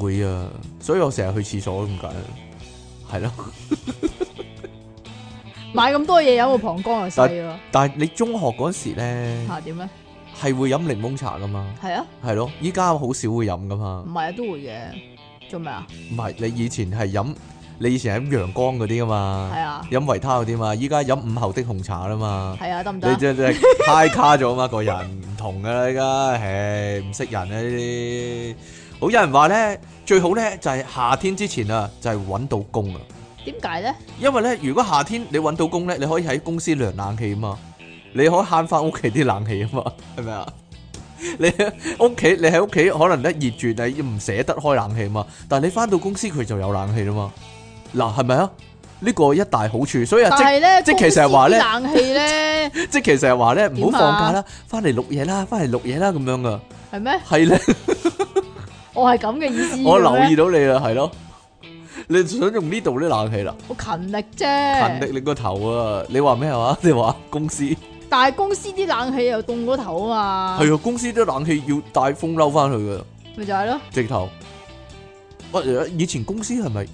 會啊，所以我成日去廁所咁解，係咯。 買咁多嘢飲，我膀胱又細咯。但係你中學嗰時咧，嚇點咧？係會飲檸檬茶噶嘛？係啊，係咯，依家好少會飲噶嘛。唔係啊，都會嘅。做咩啊？唔係你以前係飲，你以前係飲陽光嗰啲噶嘛？係啊，飲維他嗰啲嘛？依家飲午後的紅茶啦嘛？係啊，得唔得？你真係太卡咗啊嘛？ 個人唔同噶啦，依家，唉，唔識人啊呢啲。好有人話咧，最好咧就係、是、夏天之前啊，就係、是、搵到工啊。點解咧？因為咧，如果夏天你搵到工咧，你可以喺公司涼冷氣啊嘛，你可以慳翻屋企啲冷氣啊嘛，係咪啊？ 你屋企，你喺屋企可能一熱住，你唔捨得開冷氣嘛。但係你翻到公司佢就有冷氣啦嘛。嗱，係咪啊？呢個一大好處，所以啊，但係咧，即其實係話咧，冷氣咧，即其實係話咧，唔好放假啦，翻嚟錄嘢啦，翻嚟錄嘢啦，咁樣噶。係咩？係咧，我係咁嘅意思。我留意到你啦，係咯，你想用呢度啲冷氣啦。好勤力啫，勤力你個頭啊！你話咩話？你話公司？但係公司啲冷氣又凍過頭啊嘛，係啊，公司啲冷氣要帶風褸翻去嘅，咪就係咯，直頭。乜嘢？以前公司係咪？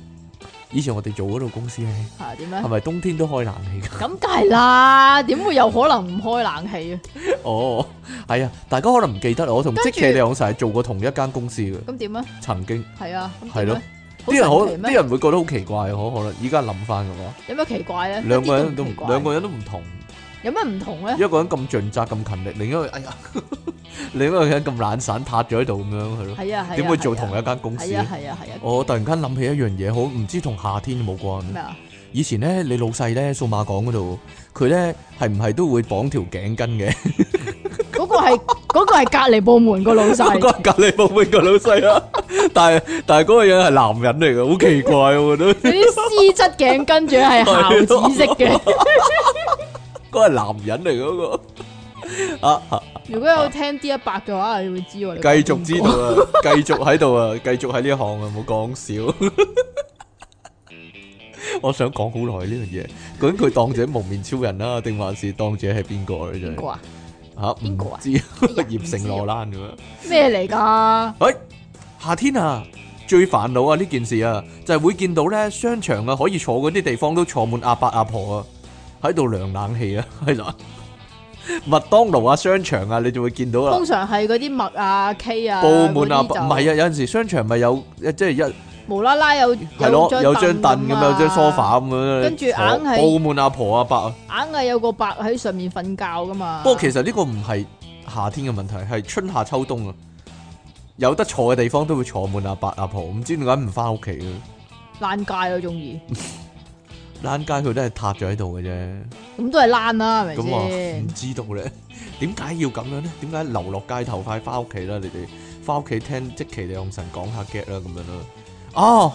以前我哋做嗰度公司咧，係點咧？係咪冬天都開冷氣？咁梗係啦，點會有可能唔開冷氣啊？哦，係啊，大家可能唔記得啊。我同積淇兩成係做過同一間公司嘅，咁點啊？曾經係啊，係咯，啲人可能，啲人會覺得好奇怪啊。可可能依家諗翻嘅話，有咩奇怪咧？兩個人都，兩個人都唔同。有咩唔同咧？一個人咁盡責咁勤力，另一個哎呀，另一個人咁懶散，塌咗喺度咁樣係咯。係啊係。點會做同一間公司？係啊係啊。我突然間諗起一樣嘢，好唔知同夏天冇關。咩啊？以前咧，你老細咧，數碼港嗰度，佢咧係唔係都會綁條頸巾嘅？嗰個係嗰個係隔籬部門個老細。嗰個隔籬部門個老細咯。但係但係嗰個人係男人嚟嘅，好奇怪我覺得。啲絲質頸巾仲係校紫色嘅。嗰個係男人嚟嗰個啊！如果有聽 D 一百嘅話，你會知我繼、啊、續知道啊，繼續喺度啊，繼續喺呢行啊，唔好講笑。 我想講好耐呢樣嘢，究竟佢當自己蒙面超人啊？定還是當自己係邊個咧？真係邊個啊？吓邊個啊？知葉盛羅蘭咁啊？咩嚟噶？哎，夏天啊，最煩惱啊呢件事啊，就係、是、會見到咧商場啊，可以坐嗰啲地方都坐滿阿伯阿婆啊。.喺度涼冷氣啊，係啦，麥當勞啊、商場啊，你就會見到啊。通常係嗰啲麥啊、K 啊、佈滿啊，唔係啊，有陣時商場咪有，即係一無啦啦有係咯，有張凳咁有張、啊、梳化，咁樣。跟住硬係佈滿阿婆阿伯，硬係有個伯喺上面瞓覺噶嘛。不過其實呢個唔係夏天嘅問題，係春夏秋冬啊，有得坐嘅地方都會坐滿阿伯阿婆，唔知點解唔翻屋企啊？爛街咯，中意。爛街佢都係塌咗喺度嘅啫，咁都係爛啦，係咪先？唔知道咧，點解要咁樣咧？點解流落街頭快翻屋企啦？你哋翻屋企聽即其哋用神講下 get 啦，咁樣啦。哦，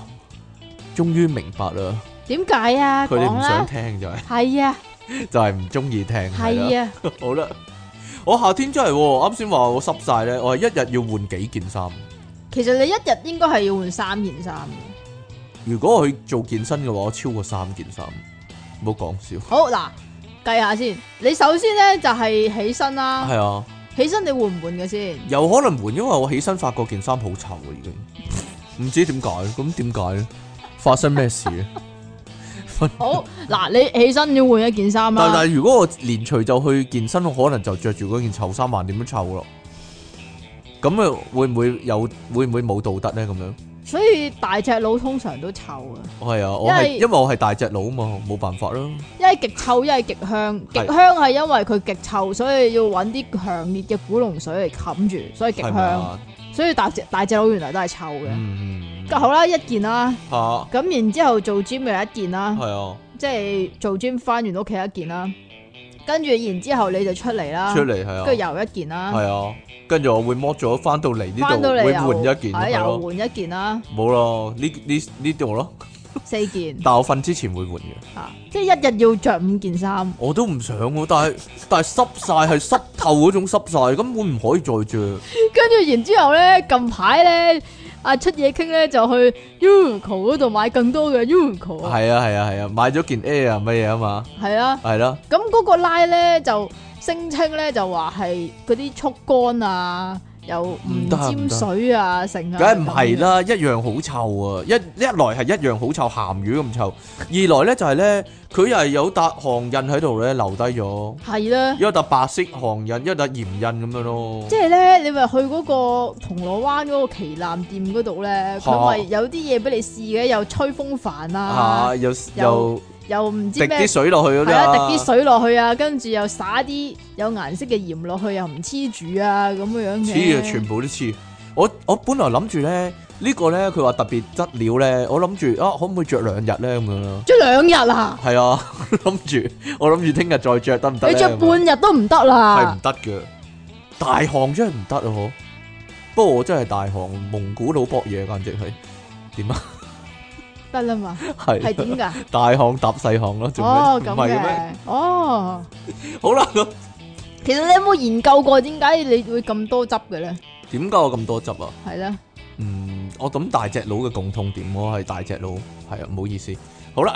終於明白啦。點解啊？佢哋唔想聽就係，係啊，就係唔中意聽。係啊。好啦，我夏天出嚟，啱先話我濕晒咧，我係一日要換幾件衫。其實你一日應該係要換三件衫。如果我去做健身嘅話，超過三件衫，唔好講笑。好嗱，計下先。你首先咧就係起身啦。係啊。起身你換唔換嘅先？有可能換，因為我起身發覺件衫好臭啊，已經。唔 知點解？咁點解咧？發生咩事咧？ 好嗱，你起身要換一件衫啦。但係如果我連隨就去健身，我可能就着住嗰件臭衫，還點樣臭咯？咁啊，會唔會有？會唔會冇道德咧？咁樣？.所以大隻佬通常都臭嘅，係啊，我因為因為我係大隻佬啊嘛，冇辦法啦。一係極臭，一係極香。極香係因為佢極臭，是所以要揾啲強烈嘅古龍水嚟冚住，所以極香。嗎所以大隻大隻佬原來都係臭嘅。咁、嗯、好啦，一件啦，咁、啊、然之後，後做 gym 又一件啦，啊、即係做 gym 返完屋企一件啦。跟住，然之後你就出嚟啦，出嚟，跟住又一件啦，係啊，跟住我會摸咗翻到嚟呢度，會換一件咯，啊、又換一件啦，冇咯吧，呢呢呢度咯，四件， 但我瞓之前會換嘅、啊，即係一日要着五件衫，我都唔想、啊，但係 但係濕晒係濕透嗰種濕晒，根本唔可以再着。跟住， 然之後咧，近排咧。啊，出嘢傾咧就去 Uniqlo 嗰度買更多嘅 Uniqlo，啊係啊係啊，買咗件 Air 啊乜嘢啊嘛，係啊，係咯、啊，咁嗰個拉咧就聲稱咧就話係嗰啲速乾啊。有唔沾水啊！成行，梗係唔係啦，一樣好臭啊！ 一一來係一樣好臭，鹹魚咁臭；二來咧就係咧，佢又係有笪汗印喺度咧，留低咗。係啦，一笪白色汗印，一笪鹽印咁樣咯。即係咧，你咪去嗰個銅鑼灣嗰個旗艦店嗰度咧，佢咪有啲嘢俾你試嘅，又吹風帆啊，又又、啊。有又唔知滴啲水落去嗰啲啊，滴啲水落去啊，跟住又撒啲有顏色嘅鹽落去，又唔黐住啊咁嘅樣嘅。黐啊，全部都黐。我我本來諗住咧，這個，呢個咧佢話特別質料咧，我諗住啊，可唔可以着兩日咧咁樣咯？着兩日啊？係啊，諗住我諗住聽日再着得唔得咧？你着半日都唔得啦？係唔得嘅，大汗真係唔得啊。哦。不過我真係大汗，蒙古佬博嘢，簡直係點啊？ 得啦嘛，係係點噶？大項搭細項咯，做咩？唔係嘅咩？哦，好啦，其實你有冇研究過點解你會咁多執嘅咧？點解我咁多執啊？係啦，嗯，我諗大隻佬嘅共通點，我係大隻佬，係啊，唔好意思，好啦。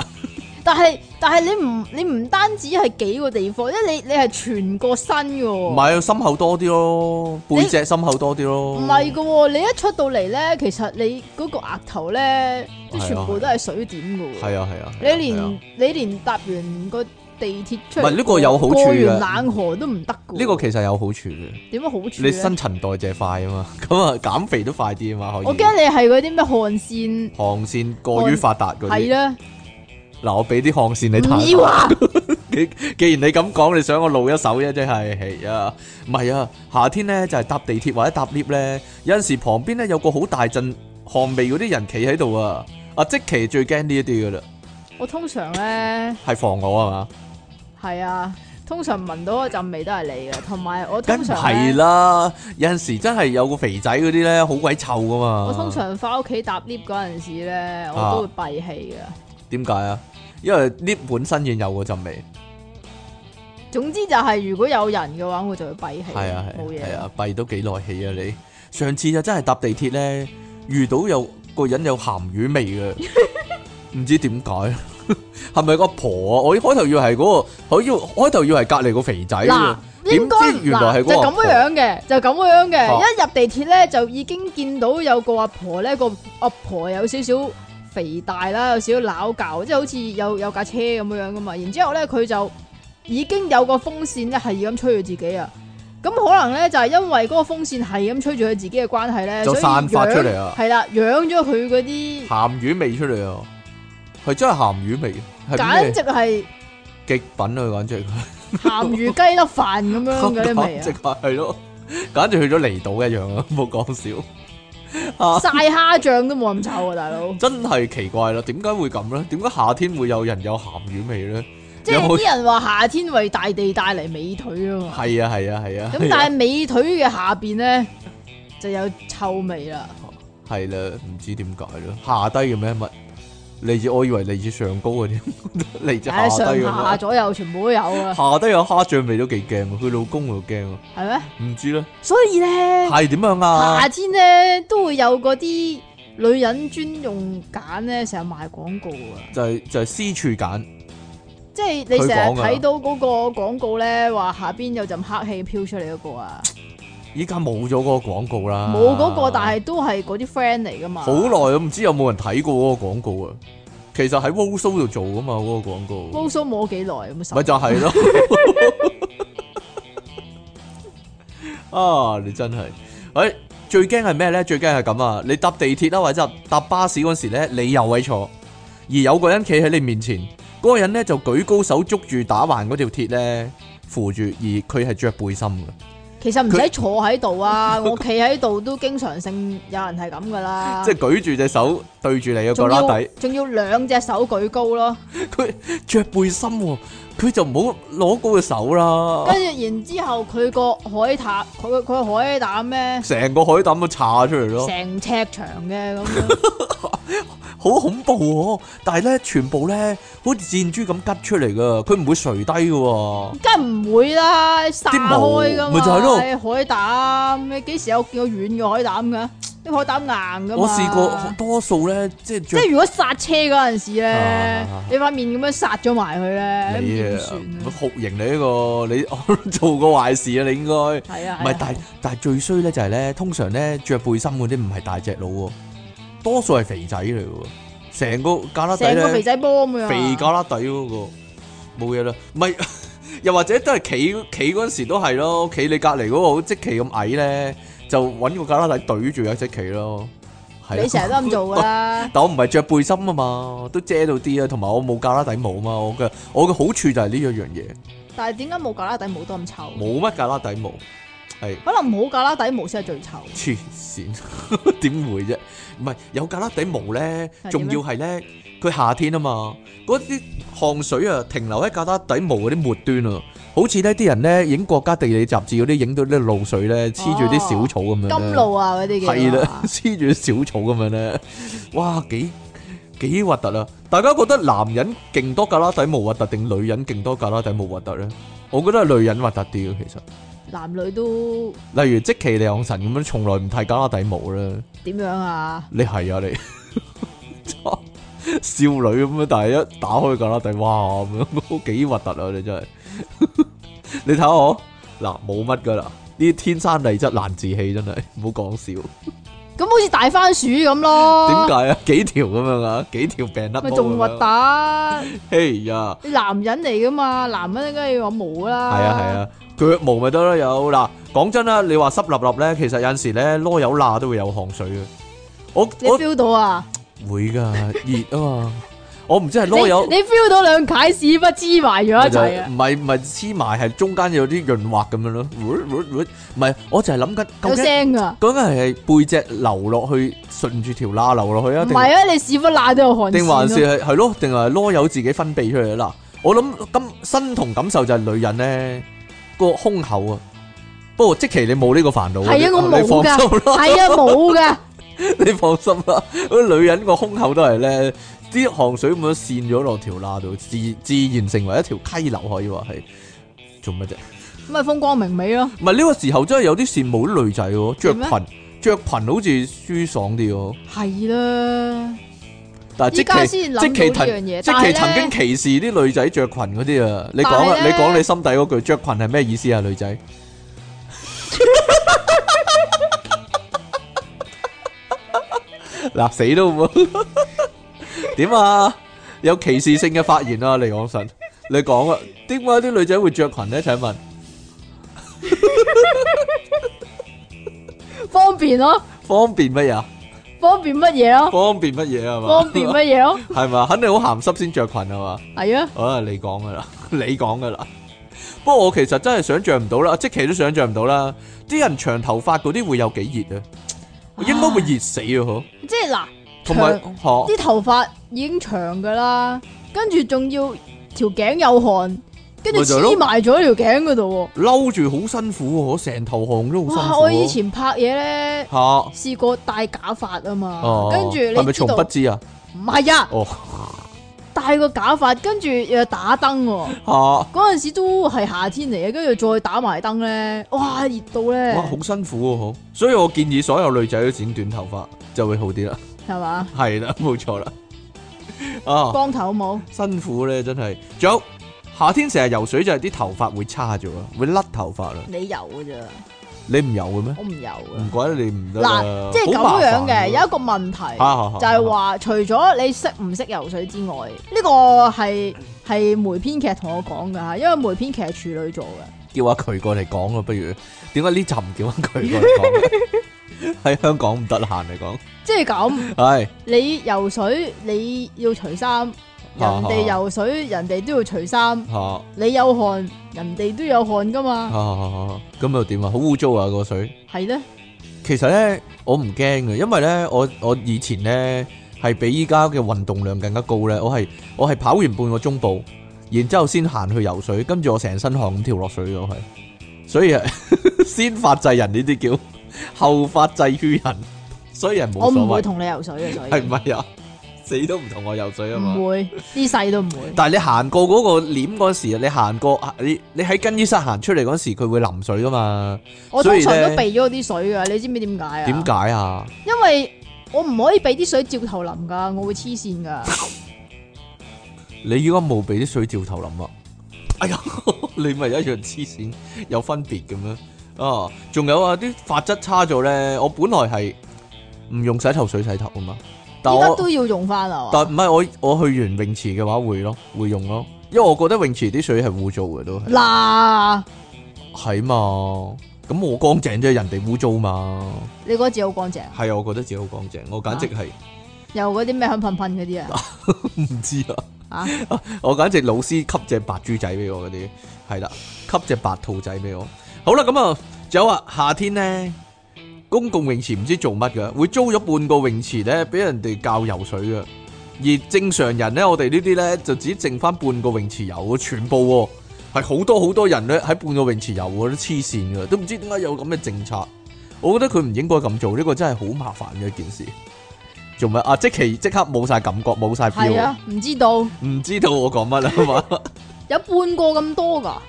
但係但係你唔你唔單止係幾個地方，因為你你係全個身嘅。唔係啊，心口多啲咯，背脊深厚多啲咯。唔係嘅，你一出到嚟咧，其實你嗰個額頭咧，即係、啊、全部都係水點嘅。係啊係啊，啊啊你連、啊啊、你，連你連搭完個地鐵出，唔呢、呢個有好處嘅。過完冷河都唔得嘅。呢個其實有好處嘅。點樣好處？你新陳代謝快啊嘛，咁啊減肥都快啲啊嘛，可以。我驚你係嗰啲咩汗腺，汗腺過於發達嗰啲。係啦。嗱，我俾啲汗腺你睇。唔要啊、 既，既然你咁講，你想我露一手啫，即係啊，唔係啊，夏天咧就係、是、搭地鐵或者搭 lift 咧，有陣時旁邊咧有個好大陣汗味嗰啲人企喺度啊，阿積淇最驚呢一啲噶啦。我通常咧係防我啊嘛。係啊，通常聞到嗰陣味都係你嘅，同埋我通常咧。梗係啦，有陣時真係有個肥仔嗰啲咧，好鬼臭噶嘛。我通常翻屋企搭 lift 嗰陣時咧，我都會閉氣噶。啊點解啊？因為呢本身已經有嗰陣味。總之就係、是、如果有人嘅話，我就會閉氣。係啊係。冇嘢。係啊，閉、啊好啊、都幾耐氣啊你。上次就真係搭地鐵咧，遇到有個人有咸魚味嘅，唔 知點解。係 咪個婆？我一開頭以為係嗰個，我一開頭以為係隔籬個肥仔。嗱，應該原來係個阿婆。就咁樣嘅，就咁樣嘅。啊、一入地鐵咧，就已經見到有個阿婆咧，個阿婆有少少。肥大啦，有少少拗撬，即係好似有有架車咁樣樣噶嘛。然之後咧，佢就已經有個風扇咧係咁吹住自己啊。咁可能咧就係、是、因為嗰個風扇係咁吹住佢自己嘅關係咧，就散發所嚟養係啦，養咗佢嗰啲鹹魚味出嚟啊！係真係鹹魚味，簡直係極品啊！簡直係鹹 魚雞粒飯咁樣嘅啲味啊！即係係咯，簡直去咗離島一樣啊！冇講笑。 曬蝦醬都冇咁臭啊，大佬！ 真係奇怪啦，點解會咁咧？點解夏天會有人有鹹魚味咧？即係是啲人話夏天為大地帶嚟美腿啊嘛！係啊係啊係啊！咁、啊啊啊、但係美腿嘅下邊咧就有臭味啦。係啦、 啊，唔、啊、知點解咯，下低嘅咩物？利字，我以為利字上高嘅添，利字下低嘅。上下，下左右全部都有啊。下低有蝦醬味都幾驚，佢老公又驚啊。係咩？唔知咧。所以咧，係點樣啊？夏天咧都會有嗰啲女人專用梘咧，成日賣廣告啊。就係就係私處梘，即係你成日睇到嗰個廣告咧，話下邊有陣黑氣飄出嚟嗰個啊。 依家冇咗嗰個廣告啦，冇嗰、那個，但係都係嗰啲 friend 嚟噶嘛。好耐啊，唔知有冇人睇過嗰個廣告啊？其實喺 w o s o 度做噶嘛，嗰、那個廣告。w o s o 冇幾耐咁咪就係咯。 啊，你真係，誒、哎，最驚係咩咧？最驚係咁啊！你搭地鐵啦，或者搭巴士嗰時咧，你又位坐，而有個人企喺你面前，嗰、那個人咧就舉高手捉住打橫嗰條鐵咧，扶住，而佢係着背心嘅。其實唔使坐喺度啊， 我企喺度都經常性有人係咁㗎啦。即係舉住隻手對住你嘅個拉底，仲要，要兩隻手舉高咯。佢着 背心喎、哦。佢就唔好攞高隻手啦，跟住然之後佢個海膽，佢佢海膽咩？成個海膽都叉出嚟咯，成尺長嘅咁樣，好恐怖喎、哦！但係咧，全部咧好似箭豬咁吉出嚟噶，佢唔會垂低噶喎，梗唔會啦，散開㗎嘛，咪就係咯，海膽你幾時有見過軟嘅海膽㗎？都海膽硬噶，我試過多數咧，即係即係如果剎車嗰陣時咧，你塊面咁樣剎咗埋佢咧，點算？酷刑你呢個，你做過壞事啊！你應該係啊，唔係，但係但係最衰咧就係咧，通常咧着背心嗰啲唔係大隻佬喎，多數係肥仔嚟嘅喎，成個假旯底，成個肥仔波咁樣，肥假旯底嗰個冇嘢啦，唔係又或者都係企企嗰陣時都係咯，企你隔離嗰個好積淇咁矮咧。就揾個卡拉底懟住一隻企咯，你成日都咁做噶啦。但係我唔係着背心啊嘛，都遮到啲啦。同埋我冇卡拉底毛啊嘛，我嘅我嘅好處就係呢樣樣嘢。但係點解冇卡拉底毛都咁臭？冇乜卡拉底毛係，可能冇卡拉底毛先係最臭。黐線，點會啫？唔係有卡拉底毛咧，仲要係咧，佢夏天啊嘛，嗰啲汗水啊停留喺卡拉底毛嗰啲末端啊。好似咧啲人咧影國家地理雜誌嗰啲影到啲露水咧黐住啲小草咁樣，金露啊嗰啲嘅係啦，黐住啲小草咁樣咧，哇幾幾核突啊！大家覺得男人勁多格拉底毛核突定女人勁多格拉底毛核突咧？我覺得係女人核突啲啊，其實男女都，例如積淇離岸神咁樣，從來唔剃格拉底毛啦，點樣啊？你係啊你，少女咁樣，但係一打開格拉底，哇，咁樣都幾核突啊！你真係。你睇我嗱，冇乜噶啦，呢，天生麗質難自棄，真係唔好講笑。咁好似大番薯咁咯？點解啊？幾條咁樣啊？幾條病粒？咪仲核突？哎呀，你男人嚟噶嘛，男人應該要搵毛啦。係啊係啊，腳毛咪得咯。有嗱，講真啦，你話濕立立咧，其實有陣時咧，囉柚罅都會有汗水嘅。我我 feel 到啊，會噶熱啊嘛。我唔知係囉柚，你 feel 到兩塊屎忽黐埋咗一齊啊？唔係唔係黐埋，係中間有啲潤滑咁樣咯。唔係，我就係諗緊，有聲噶，講緊係背脊流落去，順住條罅流落去啊？定係啊，你屎忽罅都有汗，定還是係係咯？定係囉柚自己分泌出嚟啦？我諗感身同感受就係女人咧個胸口啊。不過即其你冇呢個煩惱，係啊，我冇噶，係啊，冇噶，你放心啦。嗰啲女人個胸口都係咧。啲汗水咁樣滲咗落條罅度，自自然成為一條溪流，可以話係做乜啫？咁咪風光明媚咯，啊。唔係呢個時候真係有啲羨慕啲女仔喎，着裙着嗎裙好似舒爽啲咯。係啦，啊，但係即期曾經歧視啲女仔着裙嗰啲啊！你講你講你心底嗰句，着裙係咩意思啊？女仔嗱 死都冇！點啊？有歧視性嘅發言啊！你講神，你講啊？點解啲女仔會着裙咧？請問， 方便咯、啊？方便乜嘢？方便乜嘢咯？方便乜嘢係嘛？方便乜嘢咯？係嘛？肯定好鹹濕先着裙啊嘛？係啊。好啊，你講噶啦，你講噶啦。 不過我其實真係想象唔到啦，積淇都想象唔到啦。啲人長頭髮嗰啲會有幾熱啊？應該會熱死啊！嗬。即係嗱。同埋啲頭髮已經長㗎啦，跟住仲要條頸有汗，跟住黐埋咗喺條頸嗰度，嬲住好辛苦喎、哦，成頭汗都好、哦、我以前拍嘢咧，試、啊、過戴假髮啊嘛，跟住、啊、你。係咪從不知啊？唔係呀，啊、戴個假髮，跟住又打燈喎、哦。嗰陣、啊、時都係夏天嚟嘅，跟住再打埋燈咧，哇，熱到咧，哇，好辛苦哦好，所以我建議所有女仔都剪短頭髮就會好啲啦。係嘛？係啦，冇錯啦。哦，光頭好冇辛苦咧，真係。仲有夏天成日游水就係、是、啲頭髮會差咗，會甩頭髮啦。你游嘅咋？你唔游嘅咩？我唔游。唔怪得你唔得。嗱，即係咁樣嘅有一個問題，啊啊、就係話、啊啊、除咗你識唔識游水之外，呢、這個係係梅編劇同我講噶，因為梅編劇係處女座嘅，叫阿渠過嚟講啊，不如。點解呢集唔叫阿渠過嚟講？ 喺香港唔得閒嚟講，即係咁，係你游水你要除衫，人哋游水人哋都要除衫，吓你有汗，人哋都有汗噶嘛，吓吓吓吓，咁又點啊？好污糟啊個水！係咧，其實咧我唔驚嘅，因為咧我我以前咧係比依家嘅運動量更加高咧，我係我係跑完半個鐘步，然之後先行去游水，跟住我成身汗咁跳落水咯，係，所以係先發制人呢啲叫。後發制於人，所以人冇。我唔會同你游水啊！係咪啊？死都唔同我游水啊嘛！唔會，今世都唔會。 但係你行過嗰個簾嗰時，你行過，你你喺更衣室行出嚟嗰時，佢會淋水噶嘛？我通常都避咗啲水噶，你知唔知點解啊？點解啊？因為我唔可以俾啲水照頭淋噶，我會黐線噶。 你如果冇俾啲水照頭淋啊？哎呀， 你咪一樣黐線，有分別嘅咩？哦，仲、啊、有啊！啲髮質差咗咧，我本來係唔用洗頭水洗頭啊嘛，但而家都要用翻啊！但唔係我我去完泳池嘅話會咯，會用咯，因為我覺得泳池啲水係污糟嘅都係。嗱喇，係嘛？咁我乾淨即係人哋污糟嘛？你覺得自己好乾淨？係啊，我覺得自己好乾淨，我簡直係、啊。有嗰啲咩香噴噴嗰啲啊？唔知啊，啊，啊！我簡直老師吸隻白豬仔俾我嗰啲，係啦，吸隻白兔仔俾我。好啦，咁啊，仲有啊，夏天咧，公共泳池唔知做乜㗎，會租咗半個泳池咧，俾人哋教游水嘅。而正常人咧，我哋呢啲咧，就只剩翻半個泳池游，全部係、哦、好多好多人咧喺半個泳池游，嗰啲黐線嘅，都唔知點解有咁嘅政策。我覺得佢唔應該咁做，呢、這個真係好麻煩嘅一件事。做乜？啊？即其即刻冇晒感覺，冇晒 feel。係啊，唔知道。唔知道我講乜啊嘛？ 有半個咁多噶？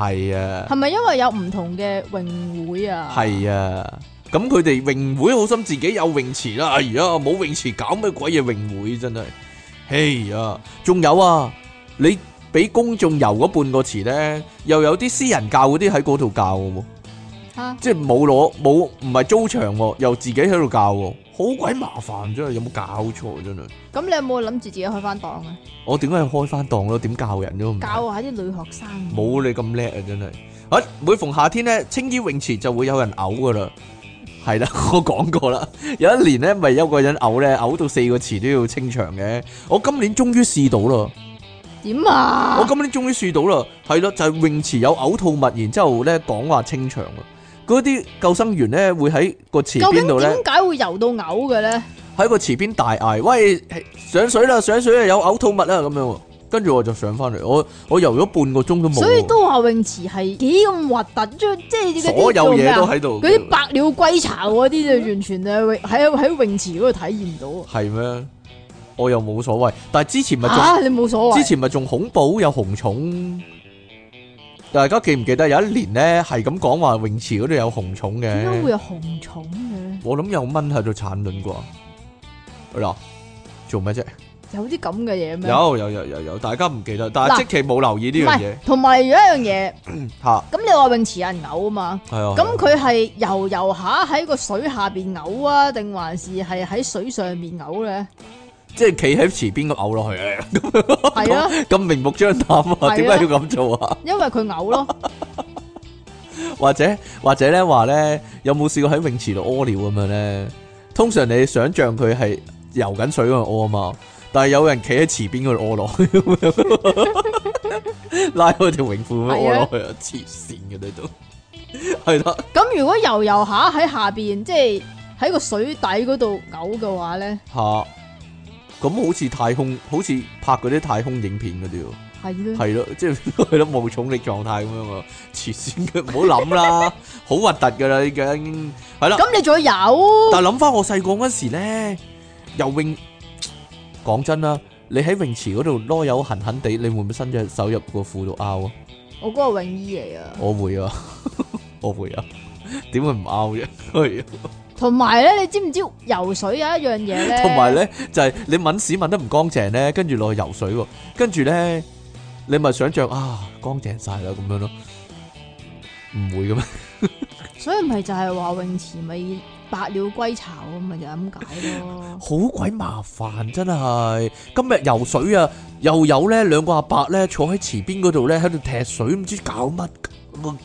係啊，係咪因為有唔同嘅泳會啊？係啊，咁佢哋泳會好心自己有泳池啦，哎呀，冇泳池搞咩鬼嘢泳會，真係，哎、hey, 呀、啊，仲有啊，你俾公眾游嗰半個池呢，又有啲私人教嗰啲喺嗰度教嘅。即係冇攞冇唔係租場喎，又自己喺度教喎，好鬼麻煩真係，有冇搞錯真係？咁你有冇諗住自己開翻檔啊？我點解要開翻檔咯？點教人啫？都教下啲女學生。冇你咁叻啊！真係，誒、啊，每逢夏天咧，青衣泳池就會有人嘔噶啦。係 啦，我講過啦。有一年咧，咪有個人嘔咧，嘔到四個池都要清場嘅。我今年終於試到啦。點啊？我今年終於試到啦，係咯，就係、是、泳池有嘔吐物，然之後咧講話清場嗰啲救生員咧，會喺個池邊度咧，究竟點解會游到嘔嘅咧？喺個池邊大嗌，喂，上水啦！上水啊，有嘔吐物啦，咁樣。跟住我就上翻嚟，我我游咗半個鐘都冇。所以都話泳池係幾咁核突，即係即係所有嘢都喺度。嗰啲百鳥歸巢嗰啲就完全係喺喺泳池嗰度體驗唔到啊！係咩？ 我又冇所謂，但係之前咪仲、啊、你冇所謂，之前咪仲恐怖有紅蟲。大家記唔記得有一年咧係咁講話泳池嗰度有紅蟲嘅？點解會有紅蟲嘅？我諗有蚊喺度產卵啩。嗱、哎，做咩啫？有啲咁嘅嘢咩？有有有有有，大家唔記得，但係喇即期冇留意呢樣嘢。同埋有一樣嘢，吓，咁、 啊、你話泳池有人嘔啊嘛？係啊。咁佢係游游下喺個水下邊嘔啊，定還是係喺水上邊嘔咧？即係企喺池邊度嘔落去，係 啊，咁明目張膽啊，點解要咁做啊？因為佢嘔咯，或者或者咧話咧，有冇試過喺泳池度屙尿咁樣咧？通常你想象佢係游緊水嗰度屙啊嘛，但係有人企喺池邊度屙落去， 拉開條泳褲咁樣屙落去，黐線嘅呢度係啦。咁 是、啊、如果游游下喺下邊，即係喺個水底嗰度嘔嘅話咧，吓。 咁好似太空，好似拍嗰啲太空影片嗰啲喎，係咯的，係咯，即係咯無重力狀態咁樣啊！黐線嘅，唔好諗啦，好核突噶啦已經係啦。咁、這個、你仲有？但係諗翻我細個嗰時咧，游泳，講真啦，你喺泳池嗰度囉柚痕痕地，你會唔會伸隻手入個褲度拗啊？我嗰個泳衣嚟啊！我會啊， 我會啊，點會唔拗啫？ 同埋咧，你知唔知游水有一樣嘢咧？同埋咧，就係、是、你吻屎吻得唔乾淨咧，跟住落去游水喎，跟住咧，你咪想像啊，乾淨晒啦咁樣咯，唔會嘅咩？ 所以唔係就係話泳池咪百鳥歸巢咁，咪就係咁解咯。好鬼 麻煩真係，今日游水啊，又有咧兩個阿伯咧坐喺池邊嗰度咧，喺度踢水，唔知搞乜，咁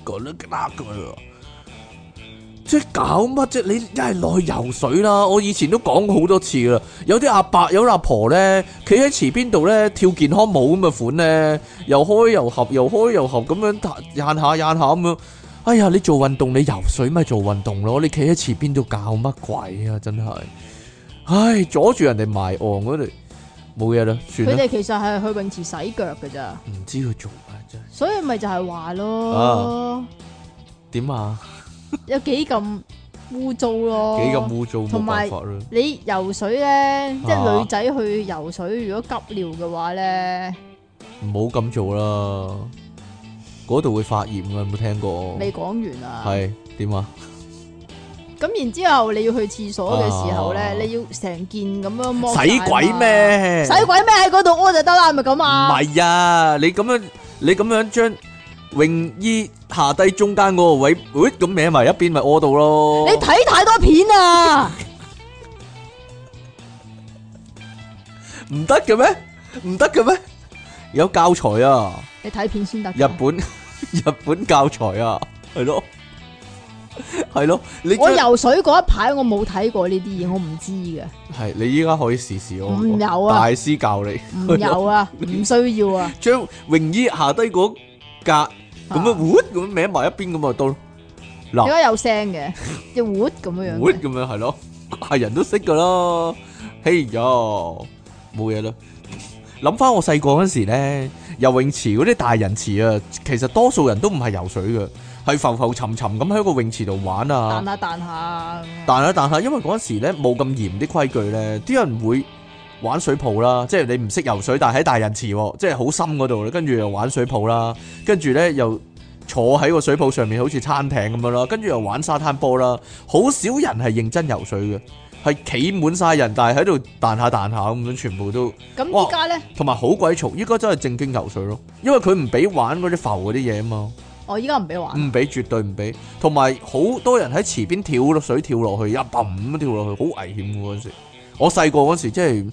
即係搞乜啫？你一係落去游水啦，我以前都講過好多次啦。有啲阿伯有阿婆咧，企喺池邊度咧跳健康舞咁嘅款咧，又開又合，又開又合咁樣歎下歎下咁樣。哎呀，你做運動你游水咪做運動咯，你企喺池邊度搞乜鬼啊？真係，唉，阻住人哋埋岸嗰度冇嘢啦，算。佢哋其實係去泳池洗腳嘅咋，唔知佢做咩啫。所以咪就係話咯，點啊？ 有幾咁污糟咯，幾咁污糟，冇辦法啦！你游水咧，即係女仔去游水，如果急尿嘅話咧，唔好咁做啦，嗰度會發炎嘅，有冇聽過？未講完啊？係點啊？咁然之後你要去廁所嘅時候咧，你要成件咁樣摸洗鬼咩？洗鬼咩？喺嗰度屙就得啦，係咪咁啊？唔係啊，你咁樣，你咁樣將。泳衣下低中間嗰個位，咁歪埋一邊咪屙到咯。你睇太多片啊，唔得嘅咩？唔得嘅咩？有教材啊，你睇片先得。日本日本教材啊，係咯，係咯。你我游水嗰一排我冇睇過呢啲嘢，我唔知嘅。係你依家可以試試我，唔有啊，大師教你，唔有啊，唔需要啊。將泳衣下低嗰格。咁啊，搵咁搵埋一邊咁啊，到嗱，點解有聲嘅？要搵咁樣樣，搵咁樣係咯，係人都識噶啦。嘿喲，冇嘢啦。諗翻我細個嗰時咧，游泳池嗰啲大人池啊，其實多數人都唔係游水嘅，係浮浮沉沉咁喺個泳池度玩啊，彈下彈下。彈下彈下，因為嗰時咧冇咁嚴啲規矩咧，啲人會。玩水泡啦，即係你唔識游水，但係喺大人池，即係好深嗰度咧，跟住又玩水泡啦，跟住咧又坐喺個水泡上面，好似撐艇咁樣啦，跟住又玩沙灘波啦，好少人係認真游水嘅，係企滿晒人，但係喺度彈下彈下咁樣，全部都咁依家咧，同埋好鬼嘈，依家真係正經游水咯，因為佢唔俾玩嗰啲浮嗰啲嘢啊嘛，哦，依家唔俾玩，唔俾絕對唔俾，同埋好多人喺池邊跳落水跳，跳落去一冧咁跳落去，好危險嗰陣時。我細個嗰時即係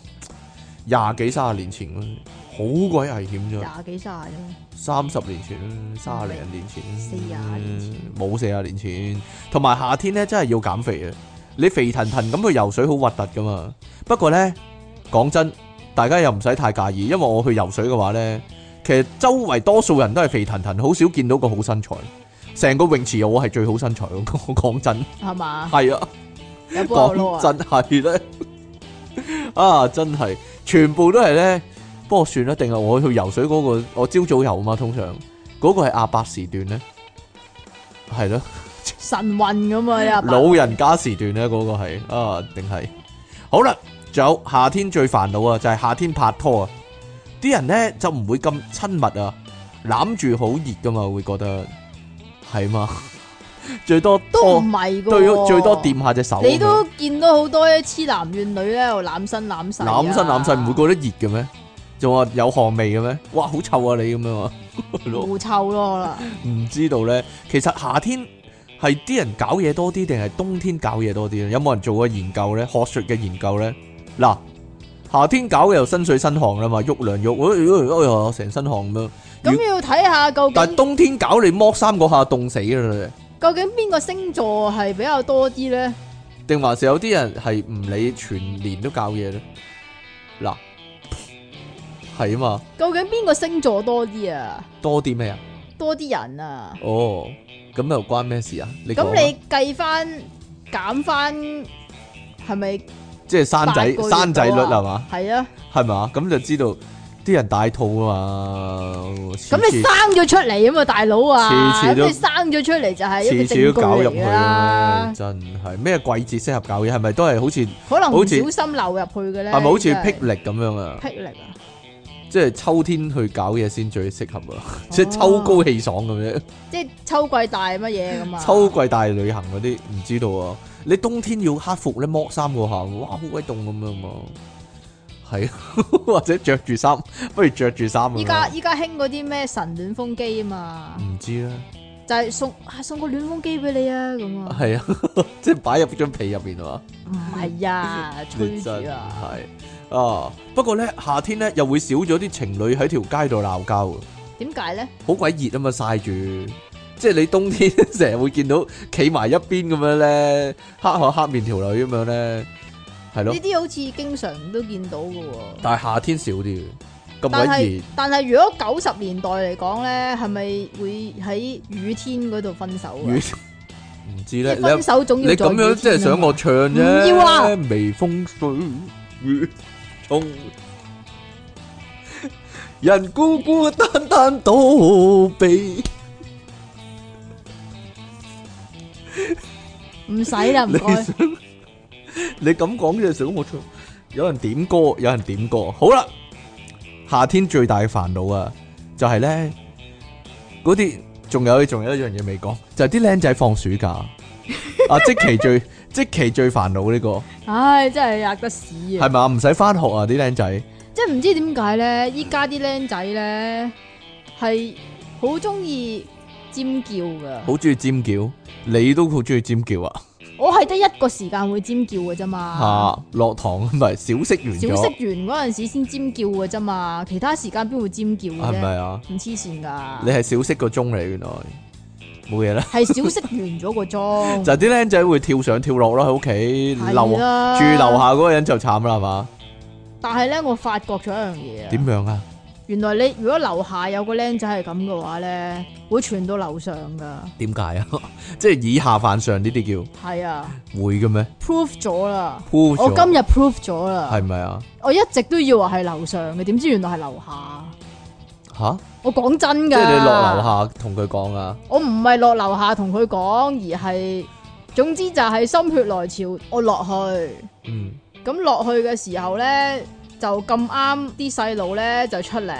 廿幾卅年前好鬼危險啫！廿幾卅咯，三十年前三卅零年前，四廿年前冇四廿年前，同埋年、嗯、夏天咧，真係要減肥啊！你肥騰騰咁去游水好核突噶嘛？不過咧，講真，大家又唔使太介意，因為我去游水嘅話咧，其實周圍多數人都係肥騰騰，好少見到個好身材。成個泳池我係最好身材，我講真係嘛？係吧啊，講真係咧。啊，真係全部都係咧，不過算啦，定係我去游水嗰個，我朝早游嘛，通常嗰個係阿伯時段咧，係咯， 晨運咁啊， 老人家時段咧，嗰個係啊，定係好啦，仲有夏天最煩惱啊，就係夏天拍拖啊，啲人咧就唔會咁親密啊，攬住好熱噶嘛，會覺得係嘛。最多都唔係，最對最多掂下隻手。你都見到好多痴男怨女咧，又攬身攬曬、啊，攬身攬曬，唔會覺得熱嘅咩？仲話有汗味嘅咩？哇，好臭啊！你咁樣，好臭咯啦！唔 知道咧，其實夏天係啲人搞嘢多啲定係冬天搞嘢多啲咧？有冇人做過研究咧？學術嘅研究咧？嗱，夏天搞嘅又身水身汗啦嘛，喐涼喐，哎成、哎、身汗咁樣。咁果要睇下究竟。但係冬天搞你剝衫嗰下，凍死啦！究竟邊個星座係比較多啲咧？定還是有啲人係唔理全年都教嘢？咧，嗱，係啊嘛。究竟邊個星座多啲啊？多啲咩啊？多啲人啊？哦，咁又關咩事啊？咁你計翻減翻係咪？是是即係生仔生仔率係嘛？係啊，係咪？咁就知道。啲人大肚啊嘛，咁、哦、你生咗出嚟啊嘛，大佬啊，咁你生咗出嚟就係，次次都搞入去啦，次次去嘛真係咩季節適合搞嘢，係咪都係好似，可能好似，小心流入去嘅咧，係咪好似霹靂咁樣靂啊？霹靂啊，即係秋天去搞嘢先最適合，啊、哦， 即係秋高氣爽咁樣，即係秋季大乜嘢咁啊？哦、 秋季大旅行嗰啲唔知道啊，你冬天要克服咧剝衫嗰下，哇，好鬼凍咁樣啊。係 或者着住衫，不如着住衫。依家依家興嗰啲咩神暖風機啊嘛，唔知啦、啊，就係送送個暖風機俾你啊咁、 哎、啊，係啊真是，即係擺入張被入邊啊嘛，係啊，吹住啊，係啊，不過咧夏天咧又會少咗啲情侶喺條街度鬧交啊，點解咧？好鬼熱啊嘛，曬住，即係你冬天成日會見到企埋一邊咁樣咧，黑口黑面條女咁樣咧。係咯，呢啲好似經常都見到嘅。但係夏天少啲嘅，咁鬼熱。但係，但係如果九十年代嚟講咧，係咪會喺雨天嗰度分手啊？唔知咧，分手總要。你咁樣即係想我唱啫？唔要啊！微風送雨中，人孤孤單單躲避，唔使啦，唔該。 你咁講嘅時候，我唱有人點歌，有人點歌。好啦，夏天最大嘅煩惱啊，就係咧嗰啲仲有仲有一樣嘢未講，就係啲靚仔放暑假 啊！即期最即期最煩惱呢個，唉、哎，真係壓得屎啊！係咪，唔使翻學啊啲靚仔，即係唔知點解咧？依家啲靚仔咧係好中意尖叫噶，好中意尖叫，你都好中意尖叫啊！ 我係得一個時間會尖叫嘅啫嘛，吓、啊、落堂唔係小息完，小息完嗰陣時先尖叫嘅啫嘛，其他時間邊會尖叫啫？係咪啊？唔黐線噶！你係小息個鐘嚟，原來冇嘢啦。係小息完咗個鐘， 就啲僆仔會跳上跳落囉。喺屋企留住樓下嗰個人就慘啦，係嘛？但係咧，我發覺咗一樣嘢啊！點樣啊？原來你如果樓下有個僆仔係咁嘅話咧，會傳到樓上噶。點解什 啊？即係以下犯上呢啲叫？係啊。會嘅咩？Proof 咗啦。我今日 proof 咗啦。係咪啊？我一直都以為係樓上嘅，點知原來係樓下。吓哈？我講真噶。即係你落樓下同佢講啊？我唔係落樓下同佢講，而係總之就係心血來潮，我落去。嗯。咁落去嘅時候咧？就咁啱啲細路咧就出嚟，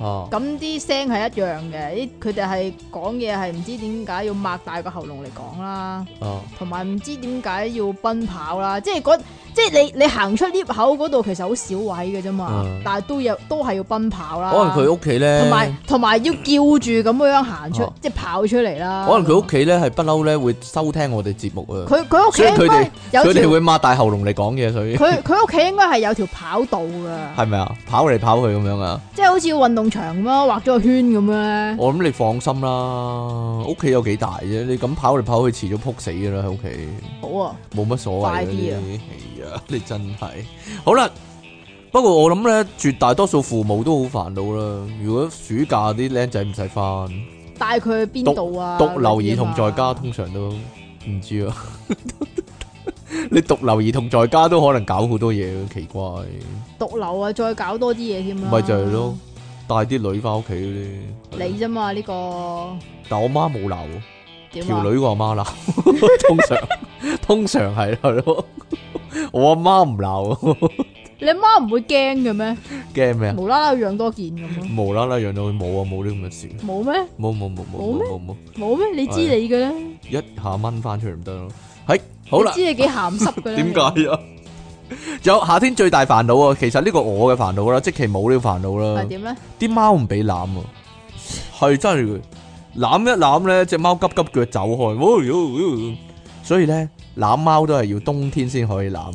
咁啲、哦、聲係一樣嘅，啲佢哋係講嘢係唔知點解要擘大個喉嚨嚟講啦，同埋唔知點解要奔跑啦，即係嗰即係你你行出 lift 口嗰度，其實好少位嘅啫嘛，嗯、但係都有都係要奔跑啦。可能佢屋企咧，同埋同埋要叫住咁樣行出，啊、即係跑出嚟啦。可能佢屋企咧係不嬲咧會收聽我哋節目啊。佢佢屋企應該，佢哋會擘大喉嚨嚟講嘢，佢佢屋企應該係有條跑道噶。係咪 啊？跑嚟跑去咁樣啊？即係好似運動場咯，畫咗個圈咁樣咧。我諗你放心啦，屋企有幾大啫，你咁跑嚟跑去，遲早撲死噶啦喺屋企。好啊，冇乜所謂。快啲啊！你真係好啦，不過我諗咧，絕大多數父母都好煩惱啦。如果暑假啲僆仔唔使翻，帶佢去邊度啊？獨留兒童在家，通常都唔知啊。 你獨留兒童在家都可能搞好多嘢，奇怪。獨留啊，再搞多啲嘢添啊！咪就係咯，帶啲女翻屋企嗰啲，你啫嘛呢、這個。但我媽冇鬧，條、啊、女個媽鬧，通常 通常係係咯。我阿媽唔鬧，你阿媽唔會驚嘅咩？驚咩啊？無啦啦養多件咁樣，無啦啦養到佢冇啊，冇呢咁嘅事，冇咩？冇冇冇冇冇咩？冇冇咩？你知你嘅啦，一下掹翻出嚟唔得咯，係好啦。知你幾鹹濕嘅啦？點解啊？有夏天最大煩惱啊！其實呢個我嘅煩惱啦，即期冇呢個煩惱啦。點咧？啲貓唔俾攬啊，係真係攬一攬咧，隻貓急急腳走開，所以咧。攬貓都係要冬天先可以攬，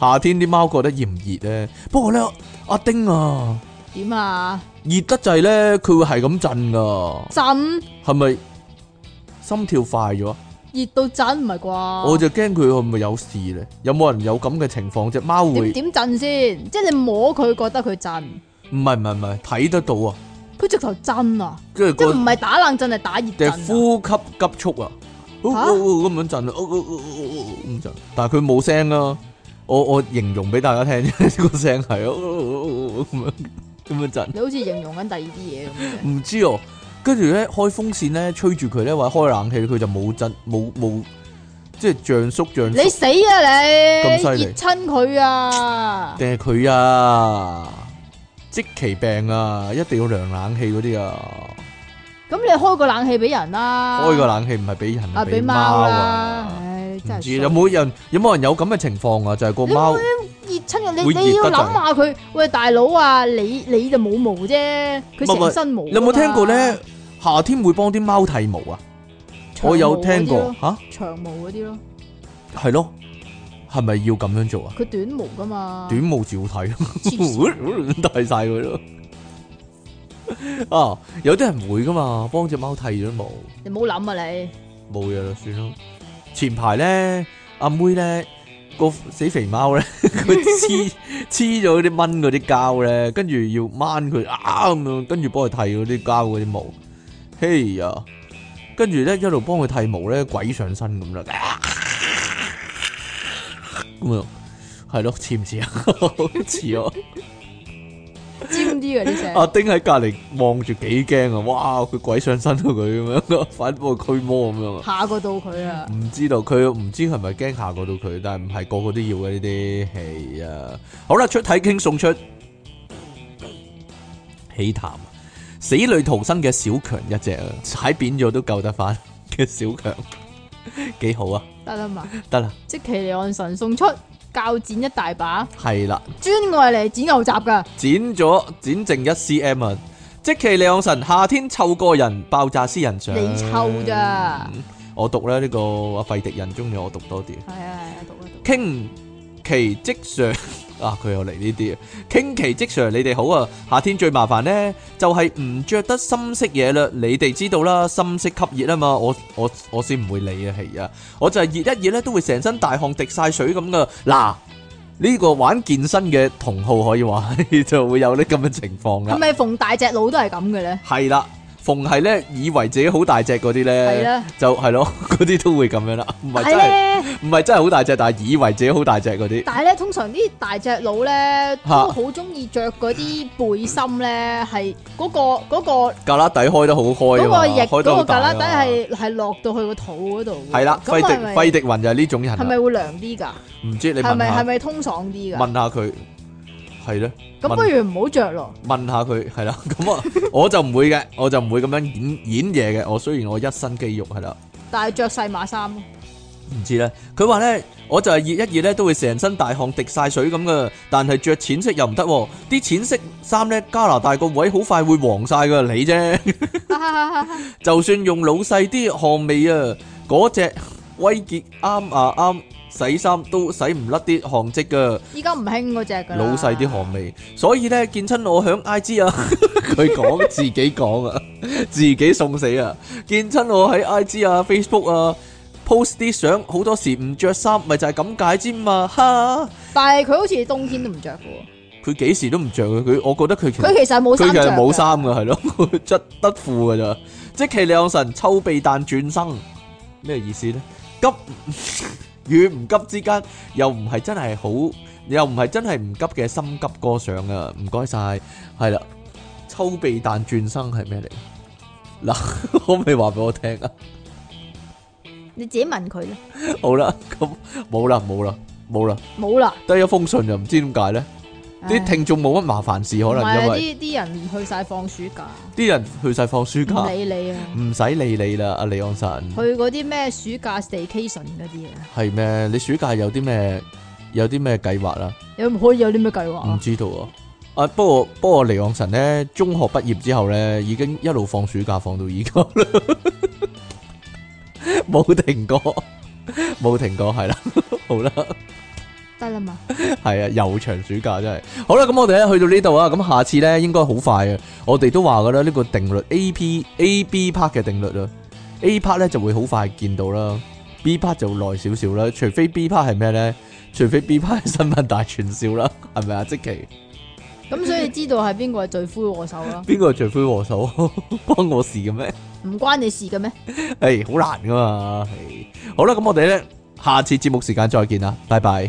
夏天啲貓覺得熱唔熱咧？不過咧，阿丁啊，點啊？熱得滯咧，佢會係咁震啊。震係咪心跳快咗？熱到震唔係啩？我就驚佢會唔會有事咧？有冇人有咁嘅情況？隻貓會點震先？即係你摸佢覺得佢震？唔係唔係唔係，睇得到啊！佢直頭震啊！即係唔係打冷震，係打熱震、啊？呼吸急促啊！咁樣震，但係佢冇聲啊！我我形容俾大家聽，個聲係咁樣咁樣震。你好似形容緊第二啲嘢咁。唔知哦，跟住咧，開風扇咧，吹住佢咧，或者開冷氣佢就冇震，冇冇即係脹縮脹縮。你死啊你！咁犀利，熱親佢啊，定係佢啊？積淇病啊，一定要涼冷氣嗰啲啊！咁你開個冷氣俾人啦？開個冷氣唔係俾人，係俾貓啊！唔知有冇人有冇人有咁嘅情況啊？就係個貓熱親人，你你要諗下佢。喂，大佬啊，你你就冇毛啫，佢成身毛。你有冇聽過咧？夏天會幫啲貓剃毛啊？我有聽過，吓，長毛嗰啲咯，係咯，係咪要咁樣做啊？佢短毛噶嘛，短毛最好剃，剃晒佢咯。哦，有啲人唔會噶嘛，幫隻貓剃咗毛，你冇諗啊你，冇嘢啦，算咯。前排咧，阿妹咧個死肥貓咧，佢黐黐咗啲蚊嗰啲膠咧，跟住要掹佢啊咁樣，跟住幫佢剃咗啲膠嗰啲毛，嘿呀，跟住咧一路幫佢剃毛咧，鬼上身咁啦，咁啊，係咯，似唔似啊？好似哦。尖啲嘅呢蛇， 阿丁喺隔籬望住幾驚啊！哇，佢鬼上身到佢咁樣， 反幫佢驅魔咁樣，嚇過到佢啊！唔知道佢唔知係咪驚嚇過到佢，但係唔係個個都要嘅呢啲，戲啊！好啦，出體 king 送出喜談、啊、死裏逃生嘅小強一隻啊，踩扁咗都救得翻嘅小強，幾好啊！得啦嘛，得啦了， 積淇離岸神送出。鉸剪一大把，係啦了，專愛嚟剪牛雜噶，剪咗剪剩一 cm 啊！積淇離岸神夏天湊個人爆炸私人相，你臭啫、嗯？我讀咧呢、這個阿費迪人中意我讀多啲，係啊，讀一讀，傾奇迹上。 啊！佢又嚟呢啲啊，積淇 Sir，你哋好啊！夏天最麻煩呢，就係唔着得深色嘢啦。你哋知道啦，深色吸熱啊嘛。我我我先唔會理啊，係啊，我就係熱一熱咧，都會成身大汗滴晒水咁噶。嗱，呢、這個玩健身嘅同好可以話， 就會有呢咁嘅情況噶。係咪逢大隻佬都係咁嘅咧？係啦。逢係咧，以為自己好大隻嗰啲咧，的就係咯，嗰啲都會咁樣啦。唔係真係，唔係呢真係好大隻，但係以為自己好大隻嗰啲。但係咧，通常啲大隻佬咧都好中意着嗰啲背心咧，係嗰哈、個嗰、個格拉底開得好開，嗰個翼都係格拉底係係落到去個肚嗰度。係啦的，費迪費迪雲就係呢種人。係咪會涼啲㗎？唔知你係咪係咪通爽啲㗎？問下佢。係咧，咁不如唔好着咯。問下佢係啦，咁啊，我就唔會嘅，我就唔會咁樣演演嘢嘅。我雖然我一身肌肉係啦，但係着細碼衫。唔知咧，佢話咧，我就係熱一熱咧，都會成身大汗滴晒水咁噶。但係着淺色又唔得，啲淺色衫咧，加拿大個位好快會黃晒噶。你啫，就算用老細啲汗味啊，嗰隻威杰啱啊啱。洗衫都洗唔甩啲汗跡噶，依家唔興嗰隻噶，老細啲汗味，所以咧見親我響 IG 啊，佢講自己講啊，自己送死啊，見親我喺 IG 啊 Facebook 啊 post 啲相，好多時唔着衫，咪就係咁解之嘛，哈！但係佢好似冬天都唔着噶喎，佢幾時都唔着嘅，佢我覺得佢佢其實冇衫着，佢其實冇衫噶係咯，佢着得褲噶咋，即其兩神抽鼻蛋轉生咩意思咧？急！與唔急之間，又唔係真係好，又唔係真係唔急嘅心急歌上啊！唔該晒，係啦，抽鼻彈轉身係咩嚟？嗱，可唔可以話俾我聽啊？你自己問佢啦。好啦，咁冇啦冇啦冇啦，冇啦，得一封信就唔知點解咧。啲聽眾冇乜麻煩事，唉可能因為啲啲人去晒放暑假，啲人去晒放暑假，唔理你，唔使理你啦，阿離岸神。去嗰啲咩暑假 staycation 嗰啲啊？係咩？你暑假有啲咩有啲咩計劃啦？有、啊、有可以有啲咩計劃？唔知道啊！啊，不過不過，離岸神咧，中學畢業之後咧，已經一路放暑假，放到而家，冇 停過，冇 停過，係啦， 好啦。得啦嘛，係 啊，悠長暑假真係好啦，咁我哋咧去到呢度啊，咁下次咧應該好快啊，我哋都話噶啦，呢、這個定律 A P A B Part 嘅定律啦，A Part 咧就會好快見到啦，B Part 就耐少少啦，除非 B Part 係咩咧，除非 B Part 係新聞大串燒，啦，係咪啊，即其？咁所以知道係邊個係罪魁禍首啦？邊個係罪魁禍首？關 我事嘅咩？唔關你事嘅咩？誒、 哎哎，好難噶嘛，好啦，咁我哋咧下次節目時間再見啦，拜拜。